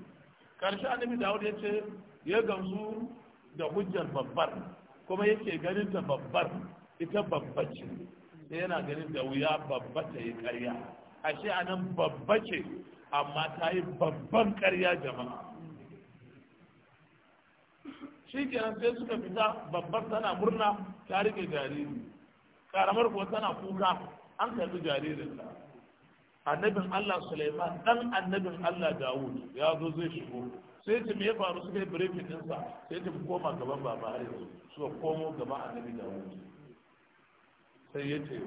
A: karshe annabi Dawud ya ce ya gamsu da hujjar babbar kuma yake ganin ta babbar ita babbace sai yana ganin da wuya babba ta yi karya ashe anan babba ce amma ta yi babban karya jama'a shi kenan sai suka fita babbar tana murna ta rike jariri karamar kuwa tana kuka an karbi jaririnta annabin Allah Suleiman dan annabin Allah Dawud ya zo zai shigo sai ta me ya faru suka yi din ɗinsa sai ta koma gaban baba har yanzu suka komo gaban annabi Dawud sai ya ce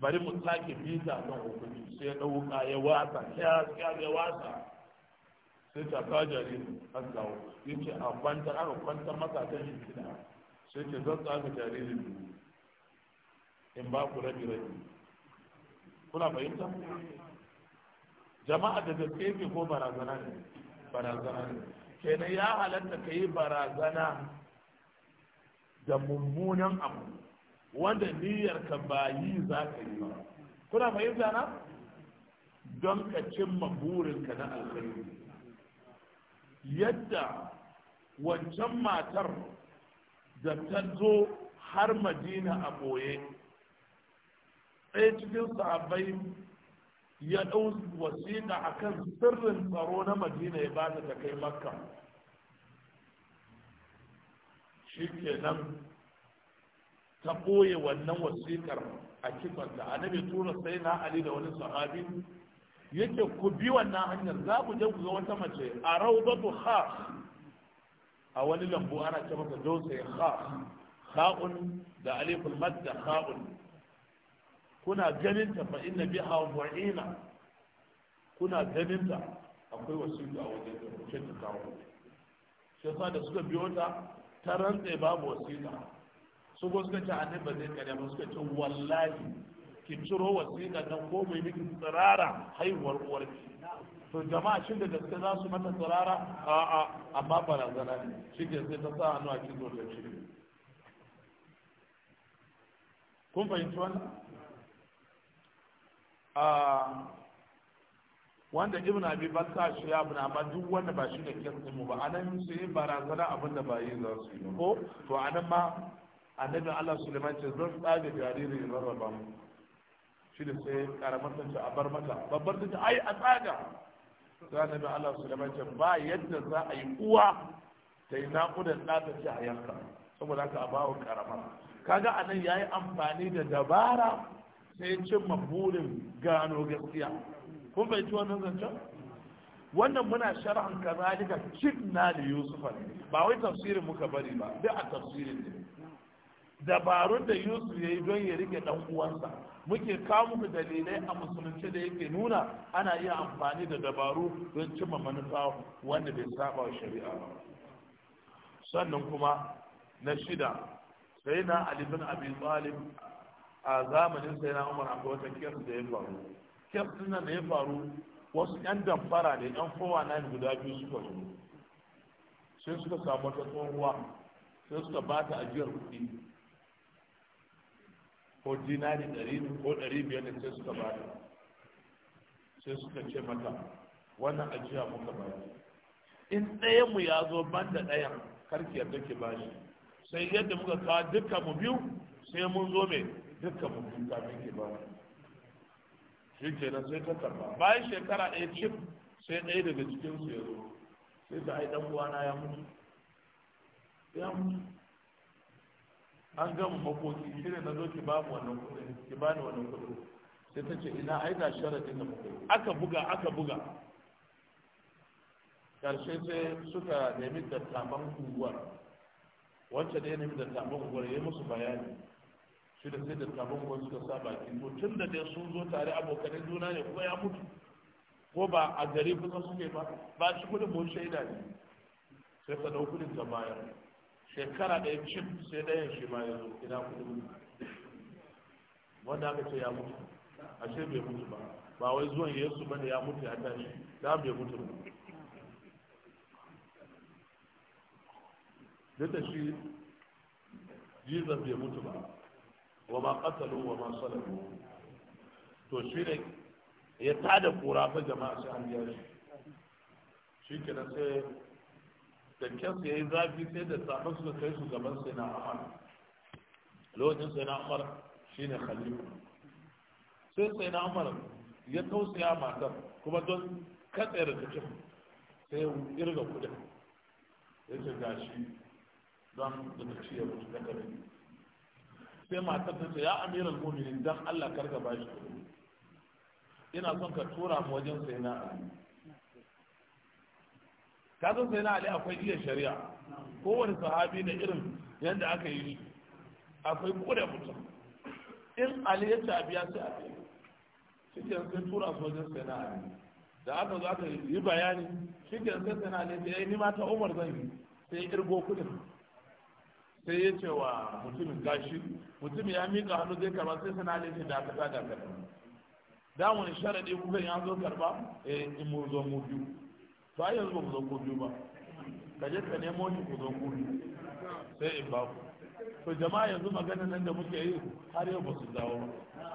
A: bari mu sake bita kan hukumi sai ya ɗauka ya wasa ya wasa sai ta ka jaririn an dawo ya a kwantar aka kwantar masa kan shi sai ce zan tsaka jaririn in ba ku rabi rabi kuna fahimta jama'a da gaske ke ko barazana ne barazana ne kenan ya halatta ka yi barazana da mummunan abu wanda niyyarka ba yi za ka yi ba kuna fahimta na don ka cimma burinka na alkhairi yadda wancan matar da ta zo har madina a ɓoye ɗaya cikin sahabbai ya ɗau wasiƙa a kan sirrin tsaro na madina ya bata ta kai makka shi ke nan ta ɓoye wannan wasiƙar a kifanta annabi tura sai na ali da wani sahabi yake ku bi wannan hanyar za ku je ku ga wata mace a rawdatu khas a wani lambu ana ce masa dose khas haun, da aliful madda kha'un kuna ganin ta fa inna biha wa'ina kuna ganin ta akwai wasiƙa a wajen da ta kawo shi yasa da suka biyo ta ta rantsa babu wasiƙa su ko suka ce annabi ba zai kare ba suka ce wallahi ki ciro wasiƙa nan ko mai miki tsirara haihuwar uwarki to jama'a shin da gaske za su mata tsirara a'a amma barazana ne shi ke sai ta sa hannu a cikin da shi kun fahimci wannan Ah, wanda ibn abi bakka shi ya buna amma duk wanda ba shi da kirkin mu ba anan su yi barazana abin da ba yi za su yi ko to anan ma annabi Allah Sulaiman ce zan tsage jariri rarraba mu shi da sai karamar ta ce a bar mata babbar ta ce ai a tsaga sai annabi Allah Sulaiman ce ba yadda za a yi uwa ta yi naƙudan ɗa ta ce a yanka saboda haka a bawa karamar kaga anan yayi amfani da dabara sai cimma burin gano gaskiya kun fahimci wannan zancen wannan muna sharhan kazalika kidna da yusufa ba wai tafsirin muka bari ba duk a tafsirin ne dabarun da yusuf ya yi don ya rike dan uwansa muke kawo muku dalilai a musulunci da yake nuna ana iya amfani da dabaru don cimma manufa wanda bai saba wa shari'a ba sannan kuma na shida sai na ali abin abi a zamanin sai na umar akwai wata kes da ya faru kes nan da ya faru wasu yan damfara da yan fowa na guda biyu suka zo sai suka samu wata tsohuwa sai suka ba ta ajiyar kuɗi ko dinari ɗari ko ɗari biyar da sai suka ba ta sai suka ce mata wannan ajiya muka ba in ɗayan mu ya zo ban da ɗayan karki yarda ki ba shi sai yadda muka kawo dukkan mu biyu sai mun zo mai dukkan mutum kafin ke ba shi nan sai ta karba bayan shekara ɗaya cif sai ɗaya daga cikin su ya zo sai ta ai dan uwana ya mutu ya mutu an gama makoki shi ne na zo ki ba mu wannan kuɗi ki ba ni wannan kuɗi sai ta ce ina ai ga sharadin da muka aka buga aka buga karshe sai suka nemi tamar unguwar wacce da ya nemi tamar unguwar ya yi musu bayani shi da sai da sabon gwani suka sa baki mutum da dai sun zo tare abokanin juna ne kuma ya mutu ko ba a gari kusa suke ba ba shi kudin mun shaida ne sai ka dauki kudin ka bayar shekara ɗaya cin sai ɗaya shi ma ya zo ina kudin wanda aka ce ya mutu ashe bai mutu ba ba wai zuwan yesu bane ya mutu ya tashi da bai mutu ba duk da shi jesus bai mutu ba wa ma qatalu wa ma salabu to shi ne ya tada kura fa jama'a sai an biya shi shi kenan sai da kyansu ya zafi sai da sabon su kai su gaban sai na amar lokacin sai na amar shi ne khalifa sai sai na amar ya tausaya matar kuma don katse rikicin sai ya irga kudin ya ce gashi don rikici ya mutu da kare sai matar ta ce ya amiral mu'minin dan Allah karka bashi shi ina son ka tura mu wajen sai na ali ka zo sai na ali akwai iya shari'a kowane sahabi na irin yadda aka yi akwai kure mutum in ali ya ci abiya sai a biya shi ke sai tura su wajen sai na ali da aka zo aka yi bayani shi ke sai sai na ali ya yi eh, ni ma ta umar zan yi sai irgo kudin sai ya ce wa mutumin gashi mutum ya miƙa hannu zai karba sai sana da yake da aka tsada karba da wani sharaɗi kuka ya zo karba eh in mu zo mu biyu to ai yanzu mu zo ku biyu ba ka je ka nemo shi ku zo ku biyu sai in ba ku to jama'a yanzu magana nan da muke yi har yau ba su dawo ba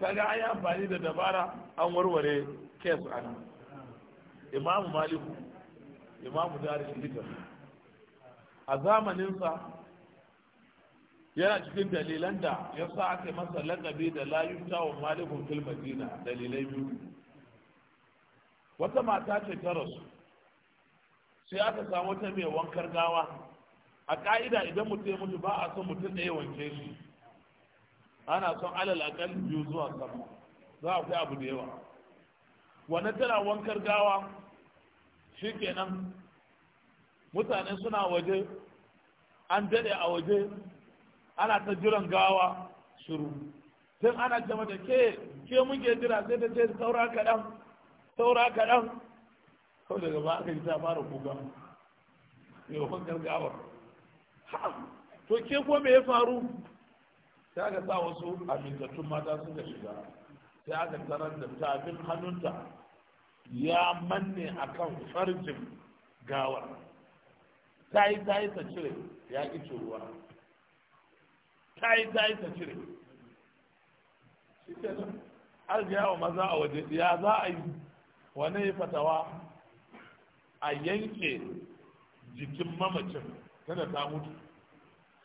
A: kaga an yi amfani da dabara an warware kes an imamu maliku imamu darul hijr a zamaninsa yana cikin dalilan da ya sa aka masa lakabi da layu tawon malikun fil madina dalilai biyu wata mata ce ta rasu sai aka samu wata mai wankar gawa a ka'ida idan mutum ya mutu ba a son mutum ɗaya wanke shi ana son alal biyu zuwa sama za a kai abu da yawa wani tana wankar gawa shi kenan mutane suna waje an daɗe a waje ana ta jiran gawa shiru Don ana ce da ke ke muke jira sai ta ce saura kaɗan saura kaɗan kawai daga ba aka yi ta fara kuka yau kan ha to ke ko me ya faru sai aka sa wasu amintattun mata suka shiga sai aka tarar da tafin hannunta ya manne a kan farjin gawar ta yi ta yi ta cire ya ƙi ruwa ta yi ta yi ta cire shi ke nan wa maza a waje ya za a yi ya fatawa a yanke jikin mamacin tana ta mutu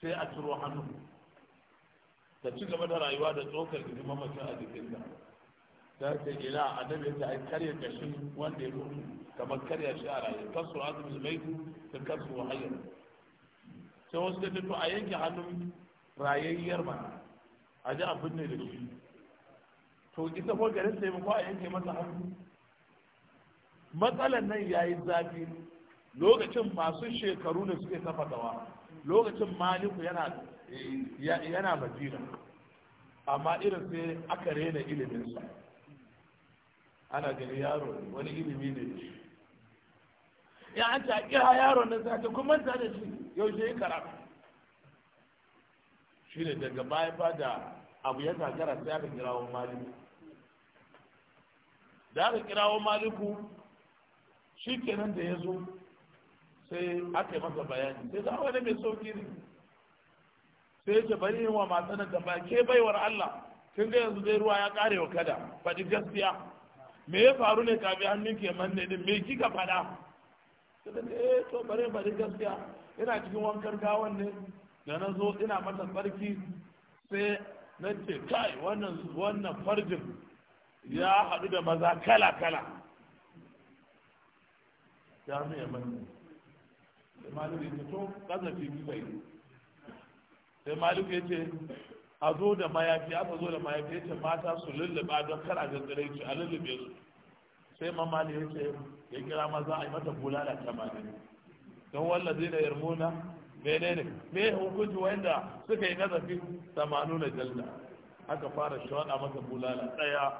A: sai a ciro hannu ta ci gaba da rayuwa da tsokar jikin mamacin a jikin jikinta da ta ila annabi ta ai karya kashi wanda ya mutu kamar karya shi a rayu kasu mai maitu da kasu hayyar sai wasu ta fito a yanke hannun rayayyar ma a ji abin ne da shi to ita ko garin sai ko a yanke masa hannu matsalan nan ya yi zafi lokacin masu shekaru da suke ta fatawa lokacin maliku yana yana madina amma irin sai aka rena iliminsa ana ganin yaro wani ilimi ne shi ya an ta kira yaro na zata kuma ta da shi yaushe sai kara shi ne daga baya ba da abu ya gagara sai aka kirawo maliku da aka kirawo maliku shi kenan da ya zo sai aka yi masa bayani sai za wani mai sauki ne sai ce bari yin wa matsanar da ke baiwar Allah kin ga yanzu dai ruwa ya kare wa kada faɗi gaskiya me ya faru ne kafi hannun ke manne din me kika faɗa sai ne eh to bare bare gaskiya ina cikin wankan gawan ne da na zo ina mata tsarki sai na ce kai wannan wannan farjin ya haɗu da maza kala kala ya ya manne sai maliku ya ce to kazafi bi bai sai maliku ya ce a zo da mayafi aka zo da mayafi ya ce mata su lullube don kar a gangare su a lullube su sai mamali ya ce ya kira za a yi mata bulala tamanin don walla zai da yarmuna mene ne me hukunci wanda suka yi nazafi tamanu na jalda aka fara shawaɗa mata bulala ɗaya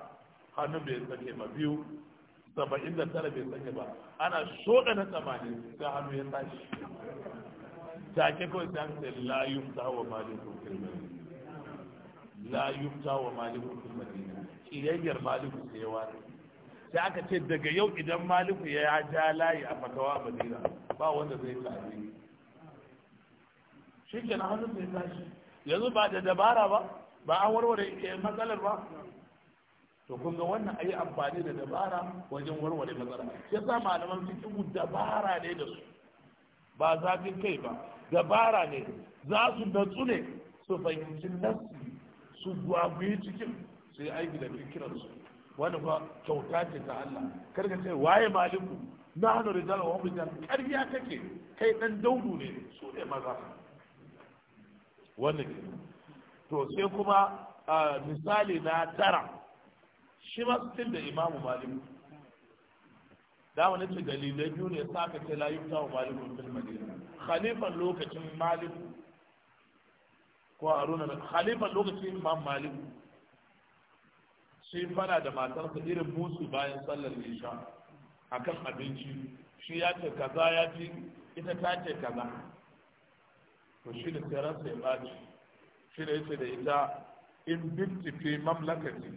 A: hannun bai sake ba biyu saba'in da tara bai sake ba ana shoɗa na tamanin ga hannu ya tashi take kawai ta an ce layu ta hawa kuma kirmani la yufta wa maliku fil madina yar maliku sai ya ware sai aka ce daga yau idan maliku ya ja layi a fatawa madina ba wanda zai tsare shi na hannun sai tashi yanzu ba da dabara ba ba an warware matsalar ba to kun ga wannan ayi amfani da dabara wajen warware matsala ya sa malaman fikihu dabara ne da su ba zafin kai ba dabara ne za su natsu ne su fahimci nassi su gwagwaye cikin su yi aiki da su wani fa kyauta ce ta Allah kar ka ce waye malinku na hannu rijal wani jan karfiya kake kai dan daudu ne su ne maza wannan ke to sai kuma misali na tara shi ma su da imamu maliku da wani ce dalilai biyu ne sa ka ce la yufta wa maliku fil madina khalifan lokacin maliku ko haruna da khalifa lokacin imam malik shi fara da matarsa irin musu bayan sallar isha akan abinci shi ya ce kaza ya fi ita ta ce kaza to shi da sai ransa ya bace, shi da yace da ita in binti fi mamlakati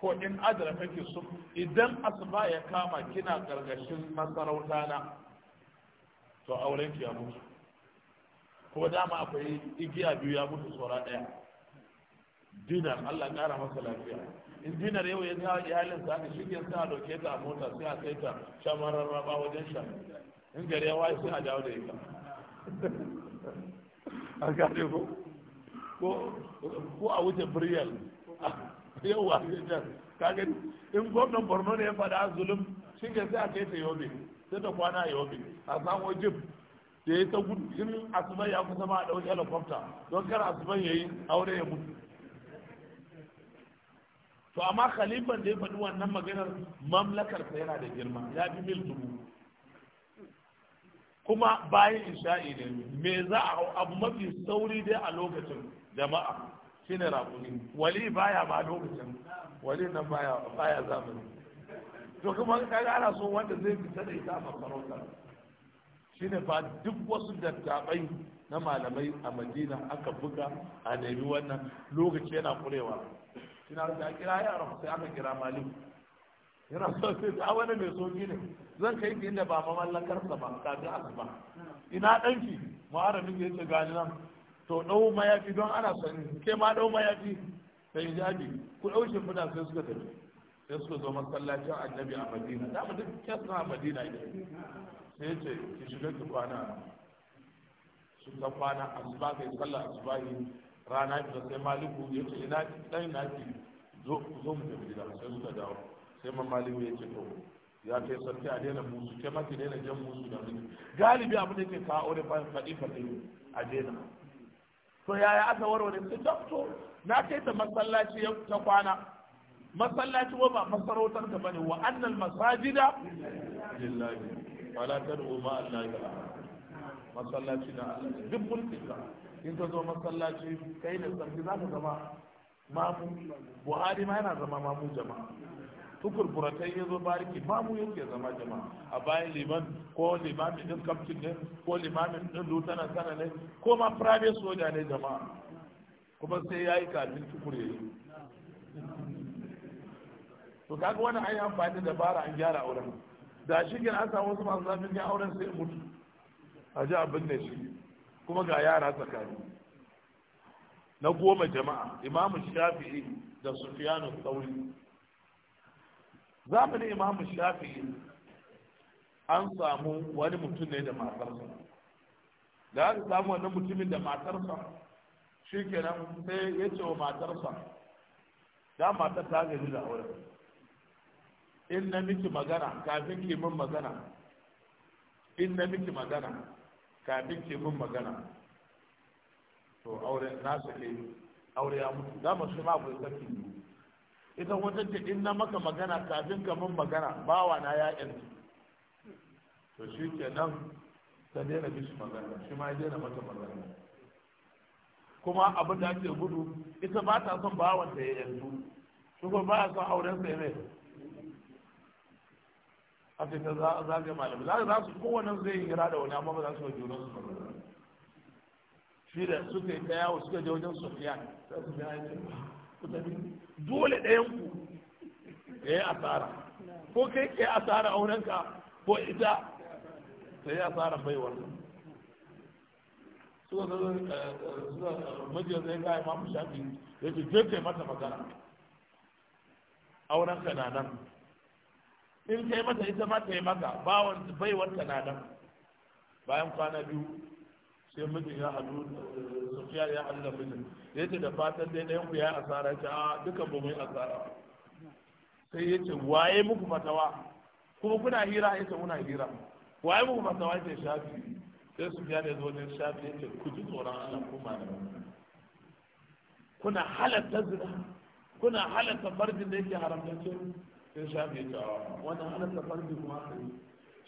A: ko in adra kake su idan asuba ya kama kina gargashin masarauta na to aurenki ki ya mutu da dama akwai igiya biyu ya mutu tsora ɗaya dinar allah ƙara masa lafiya in dinar yau ya sa iyalin sa ka shige sa a ɗauke ta a mota sai a kai ta shamarar raba wajen sha in gari ya waye sai a dawo da ita a gane ko ko a wuce biryal yau a jan ka gani in gwamnan borno ne ya faɗa zulum shi ke sai a kai ta yobe sai ta kwana yobe a samu jib da ya ta gudu in asibai ya kusa ma a ɗauki helicopter don kar asibai ya yi aure ya mutu to amma khalifan da ya faɗi wannan maganar mamlakar sa yana da girma ya fi mil dubu kuma bayan isha'i ne me za a abu mafi sauri dai a lokacin jama'a shine raƙuni wali baya ma lokacin wali nan baya baya zamani to kuma kaga ana so wanda zai fita da ita a masarautar shine fa duk wasu dattabai na malamai a madina aka buga a nemi wannan lokaci yana kurewa Ina da kira yaran sai aka kira malik yana so sai a wani mai soki ne zan kai ki inda ba mamallakar sa ba ka ga asuba ina danki muharramin ya ce gani nan to dau mayafi don ana son ke ma dau mayafi sai jabi ku dau shi fada sai suka tafi sai suka zo masallacin annabi a madina da mu duk kesa a madina ne sai ce ki shiga ki kwana su ta kwana ba kai ba asuba yi rana ki sai maliku ya ce ina dan na ki zo zo mu tafi gida sai suka dawo sai ma maliku ya ce to ya kai sarki a daina musu ke ma ki daina jan musu da miki galibi abin da ke kawo aure bayan faɗi faɗi a daina to yaya aka warware su dokto na kai ta masallaci ta kwana masallaci ba masarautar ta bane wa annal masajida lillahi wala tad'u ma Allah ya masallaci na duk mulkin ka in ka zo masallaci kai da sarki za ka zama mamu buhari ma yana zama mamu jama'a tukur buratai ya zo bariki mamu yake zama jama'a a bayan liman ko limamin din kaftin ne ko limamin din lutana sana ne ko ma private soja ne jama'a kuma sai ya yi kafin tukur ya yi to kaga wani an yi amfani da bara an gyara auren da shi ke an samu wasu masu zafin ya auren sai mutu a ji abin ne shi kuma ga yara tsakani na goma jama'a imamu shafi'i da sufiyanu tsauri zamanin imamu shafi'i an samu wani mutum ne da matarsa da aka samu wani mutumin da matarsa shi kenan sai ya ce wa matarsa da matar ta gaji da auren in na miki magana kafin ki min magana in na miki magana kafin ki min magana to aure na sake aure ya mutu dama su ma ku saki ita wata ce in na maka magana kafin ka min magana bawa na ya yanzu to shi ke nan ta daina miki magana shi ma ya daina mata magana kuma abin da ake gudu ita ba ta son bawan ta ya yanzu shi ba a son auren sa ya mai a za ta zagaye malami za su kowane zai yi da wani amma ba za su yi juna su shi da suka yi daya wa suka je wajen sofiya sai su ya yi ku tafi dole ɗayan ku ya yi asara ko kai ke asara ka, ko ita ta yi asara baiwar suka eh, eh, suka eh, majiyar zai ga imamu shafi ya ce je kai mata magana aurenka na nan in kai mata ita ma ta yi maka bawan ta na nan bayan kwana biyu sai mutum ya hadu sofiya ya hadu da ya ce da fatan dai ɗayan ku ya asara ce a duka ba mu yi asara sai ya ce waye muku matawa kuma kuna hira ya ce muna hira waye muku matawa ya ce shafi sai sufiya da zo ne shafi ya ce ku ji tsoron Allah kuma da kuna halatta zina kuna halatta farjin da yake ce sha sai shafi ta wannan halatta farji kuma haka yi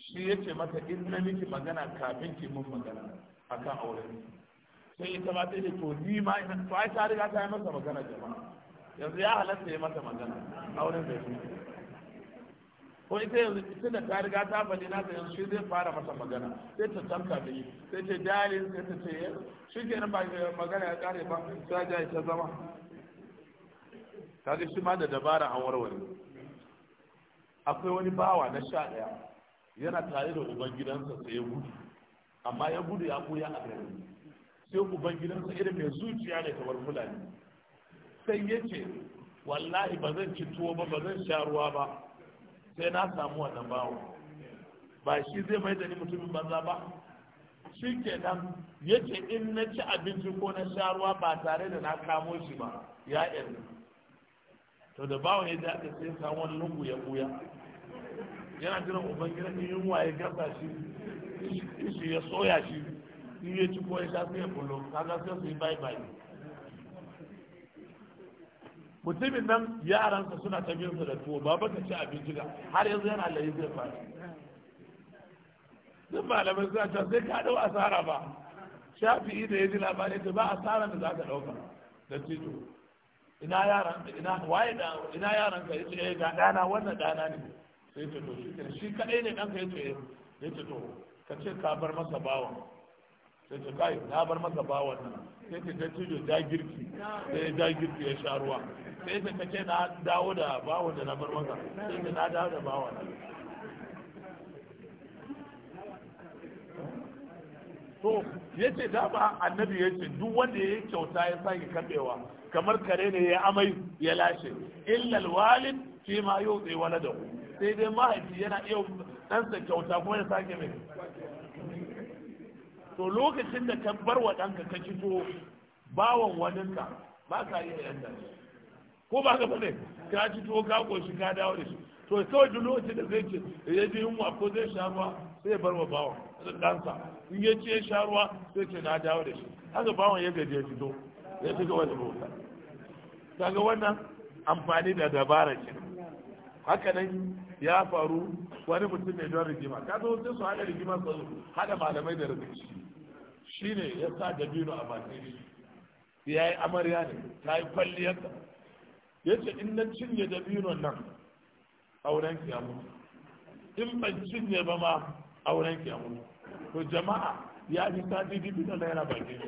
A: shi ya ce mata in na miki magana kafin ki mun magana a kan auren sai ita ma sai da to ni ma ina. to ai ta riga ta yi masa magana jama'a yanzu ya halatta ya mata magana auren bai fi ko ita yanzu ita da ta riga ta faɗi na ta yanzu shi zai fara masa magana sai ta tanka da yi, sai ce dalil sai ta ce shi ke nan ba magana ya kare ba sai ta zama ta ga shi ma da dabara an warware akwai wani bawa na sha ɗaya yana tare da ubangidansa sai ya gudu amma ya gudu ya koya a gari sai ubangidansa irin mai zuciya ne kamar fulani sai ya ce wallahi ba zan ci tuwo ba ba zan sha ruwa ba sai na samu wannan bawa ba shi zai mai da ni mutumin banza ba shi nan? ya ce in na ci abinci ko na sha ruwa ba tare da na kamo shi ba ya to da ya ji aka sai samu wani lungu ya buya yana jiran uban gidan in yunwa ya gasa shi isu ya soya shi in ya ci ko ya sha sai ya bullo kaga sai su yi bai bai mutumin nan yaransa suna ta biyansa da tuwo ba baka ci abinci ga har yanzu yana layi zai fara. duk malamai suna ta sai ka dau asara ba shafi'i da ya ji labarai ta ba asara da za ka ɗauka da tito ina yaran ina waye da ina yaran ka yace eh, ga dana wannan dana ne sai ta to shi shi kadai ne dan ka yace yace to ka ce ka bar masa bawon sai ta kai na bar masa bawon nan sai ta tace da girki sai da girki ya sha ruwa sai ta ce na dawo da bawon da na bar masa sai ta na dawo da bawan to yace dama annabi yace duk wanda ya kyauta ya sake kabewa kamar kare ne ya amai ya lashe illal walid fi ma yuzi waladahu sai dai mahaifi yana iya ɗansa kyauta kuma ya sake mai to lokacin da ka bar wa ɗanka ka fito bawan waninka ba ka iya yanda ko ba ka bane ka fito ka koshi ka dawo da shi to kawai duk lokacin da zai ce ya ji yunwa ko zai sha ruwa sai bar wa bawan ɗansa in ya ce sha ruwa sai ce na dawo da shi haka bawon ya gaje ya fito ya shiga wani bauta kaga wannan amfani da dabara ke haka nan ya faru wani mutum mai don rigima ka zo sai su haɗa rigima su haɗa malamai da rikici ne ya sa dabino a bakin shi ya yi amarya ne ta yi kwalliyarta ya ce in na cinye dabino nan auren ki in ban cinye ba ma auren ki mutu to jama'a ya fi sati dubu da naira ke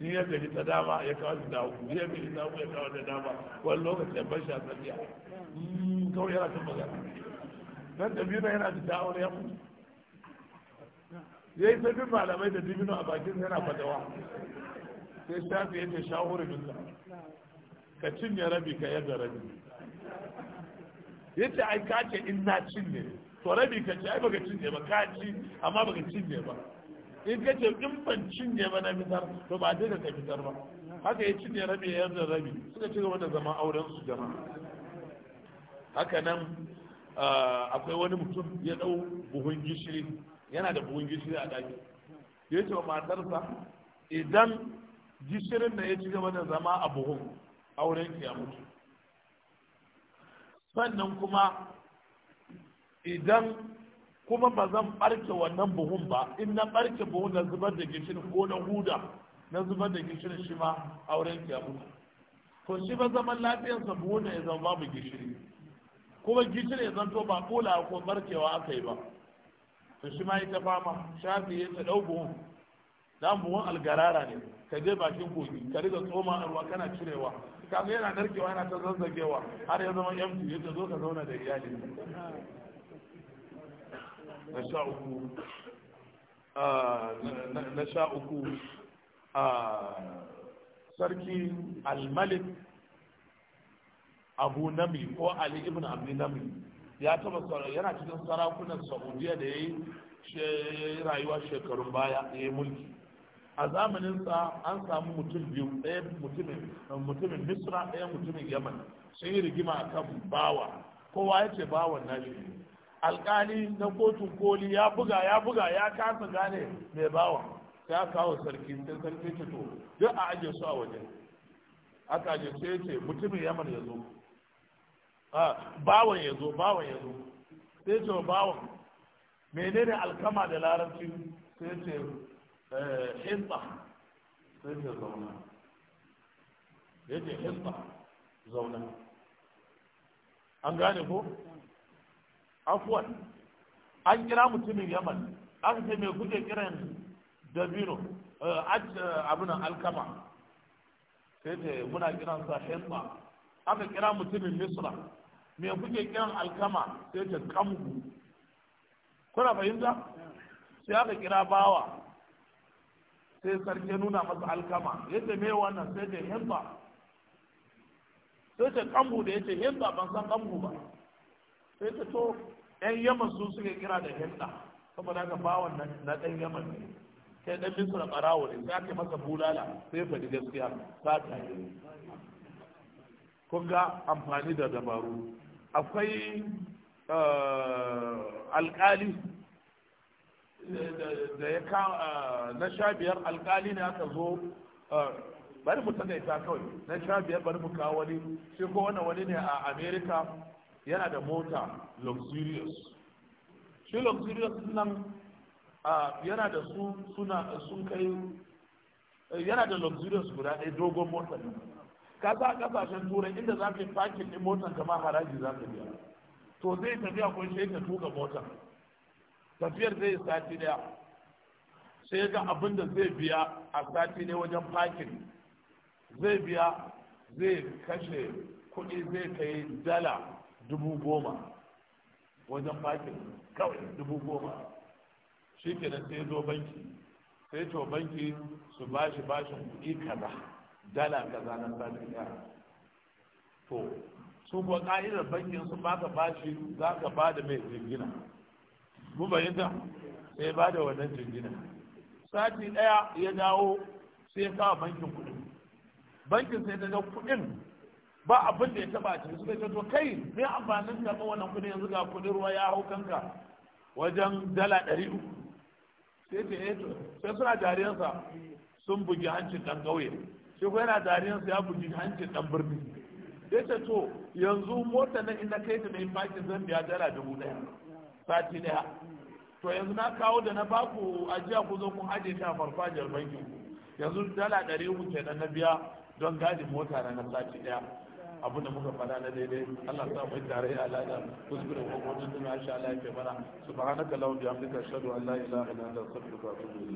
A: ni ya gani ta dama ya kawo da dawo ni ya gani ta ya kawo da dama wani lokacin ban sha tsakiya
C: hmm, kawai yana ta magana
A: nan da biyu na yana da dawo ya mutu ya yi sabbin malamai da dibino a bakin yana fadawa sai shafi ya ce shahuri duka ka cinye rabi ka yadda rabi yadda ai kace in na cinye to rabi ka ce ai baka cinye ba ka ci amma baka cinye ba in ka ce in ban cinye ba na fitar to ba dai ka fitar ba haka ya cinye rabi ya yarda rabi suka ci gaba da zama auren su jama'a haka nan akwai wani mutum ya dau buhun gishiri yana da buhun gishiri a daki ya ce wa matarsa idan gishirin da ya ci gaba da zama a buhun auren ki ya mutu sannan kuma idan kuma ba zan barke wannan buhun ba in na barke buhun na zubar da gishirin ko na huda na zubar da gishirin shi ma auren ya mutu to shi ba zaman lafiyarsa buhun ya zama babu gishiri kuma gishiri ya zanto ba kula ko barkewa aka yi ba to shi ma yi ta fama shafi ya ta ɗau buhun dan buhun algarara ne ka je bakin kogi ka riga tsoma a ruwa kana cirewa kaga yana narkewa yana ta zazzagewa har ya zama yamci ya zo ka zauna da iyali na sha uku a sarki almalik abu nami ko ali ibn abu nami ya taba yana cikin sarakunan saudiya da ya yi rayuwa shekarun baya ya yi mulki a zamaninsa an samu mutum biyu ɗaya mutumin misra ɗaya mutumin yaman sun yi rigima a kan bawa kowa ya ce bawan nashi alkali na kotun koli ya buga ya buga ya kasa gane mai bawa ya kawo sarki sai sarki fito to duk a ajiye su a waje aka ajiye su ya ce mutumin yaman ya zo bawan ya zo bawan ya zo sai ce bawan menene alkama da larabci sai ce eh, hinsa sai ce zauna ya ce hinsa zauna an gane ko afwan an kira mutumin yaman aka ce mai kuke kiran dabino eh, eh, abin alkama sai ce muna kiran sa hemba aka kira mutumin misra mai kuke kiran alkama sai ce kamgu kuna fahimta sai aka kira bawa sai sarki nuna masa alkama ce mai wannan sai ce hemba sai ce kamgu da ya ce hemba ban san kamgu ba sai ta to ɗan yaman su suke kira da hinda saboda haka bawan na ɗan yaman ne sai ɗan misra ɓarawo ne sai ake masa bulala sai faɗi gaskiya sata ne kun ga amfani da dabaru akwai eh, alƙali da ya eh, na sha biyar alƙali ne aka zo eh, bari mu ta kawai na sha biyar bari mu kawo wani shi ko wani wani ne a amerika yana da mota luxurious shi luxurious nan yana da su suna sun kai yana da luxurious guda ɗaya dogon motar ka za a kasashen turai inda za ka yi fakin ɗin motar kama haraji za ka biya to zai tafiya akwai shi ka tuka motar tafiyar zai yi sati ɗaya sai ga abin da zai biya a sati ne wajen fakin zai biya zai kashe kuɗi zai kai dala dubu goma wajen bakin kawai dubu goma shi ke nan sai zo banki sai to banki su bashi bashin kuɗi kaza dala kaza na sati yara. to su kuwa ƙa'idar bankin su ka bashi za ka ba da mai jingina mu bayyanta sai ba da wannan jingina sati ɗaya ya dawo sai ya kawo bankin kuɗin bankin sai ta ga kuɗin ba abin da ya taba a ciki suka ce to kai me amfanin karɓa wannan kudin yanzu ga kuɗin ruwa ya hau kanka wajen dala ɗari uku sai ce eh to sai suna dariyarsa sun bugi hancin ɗan ƙauye shi ko yana sa ya bugi hancin ɗan birni sai ce to yanzu mota nan ina na kai ta mai fakin zan biya dala dubu ɗaya sati ɗaya to yanzu na kawo da na baku ajiya ku zo kun ajiye ta farfajiyar bankin yanzu dala ɗari uku kenan na biya don gadi mota na na sati ɗaya abu da muka fada na daidai Allah sa mu tare ya lada kuskure ko gwamnati na sha ala ya fi mana subhanaka lahu bihamdika ashhadu an la ilaha illa anta astaghfiruka wa atubu ilayk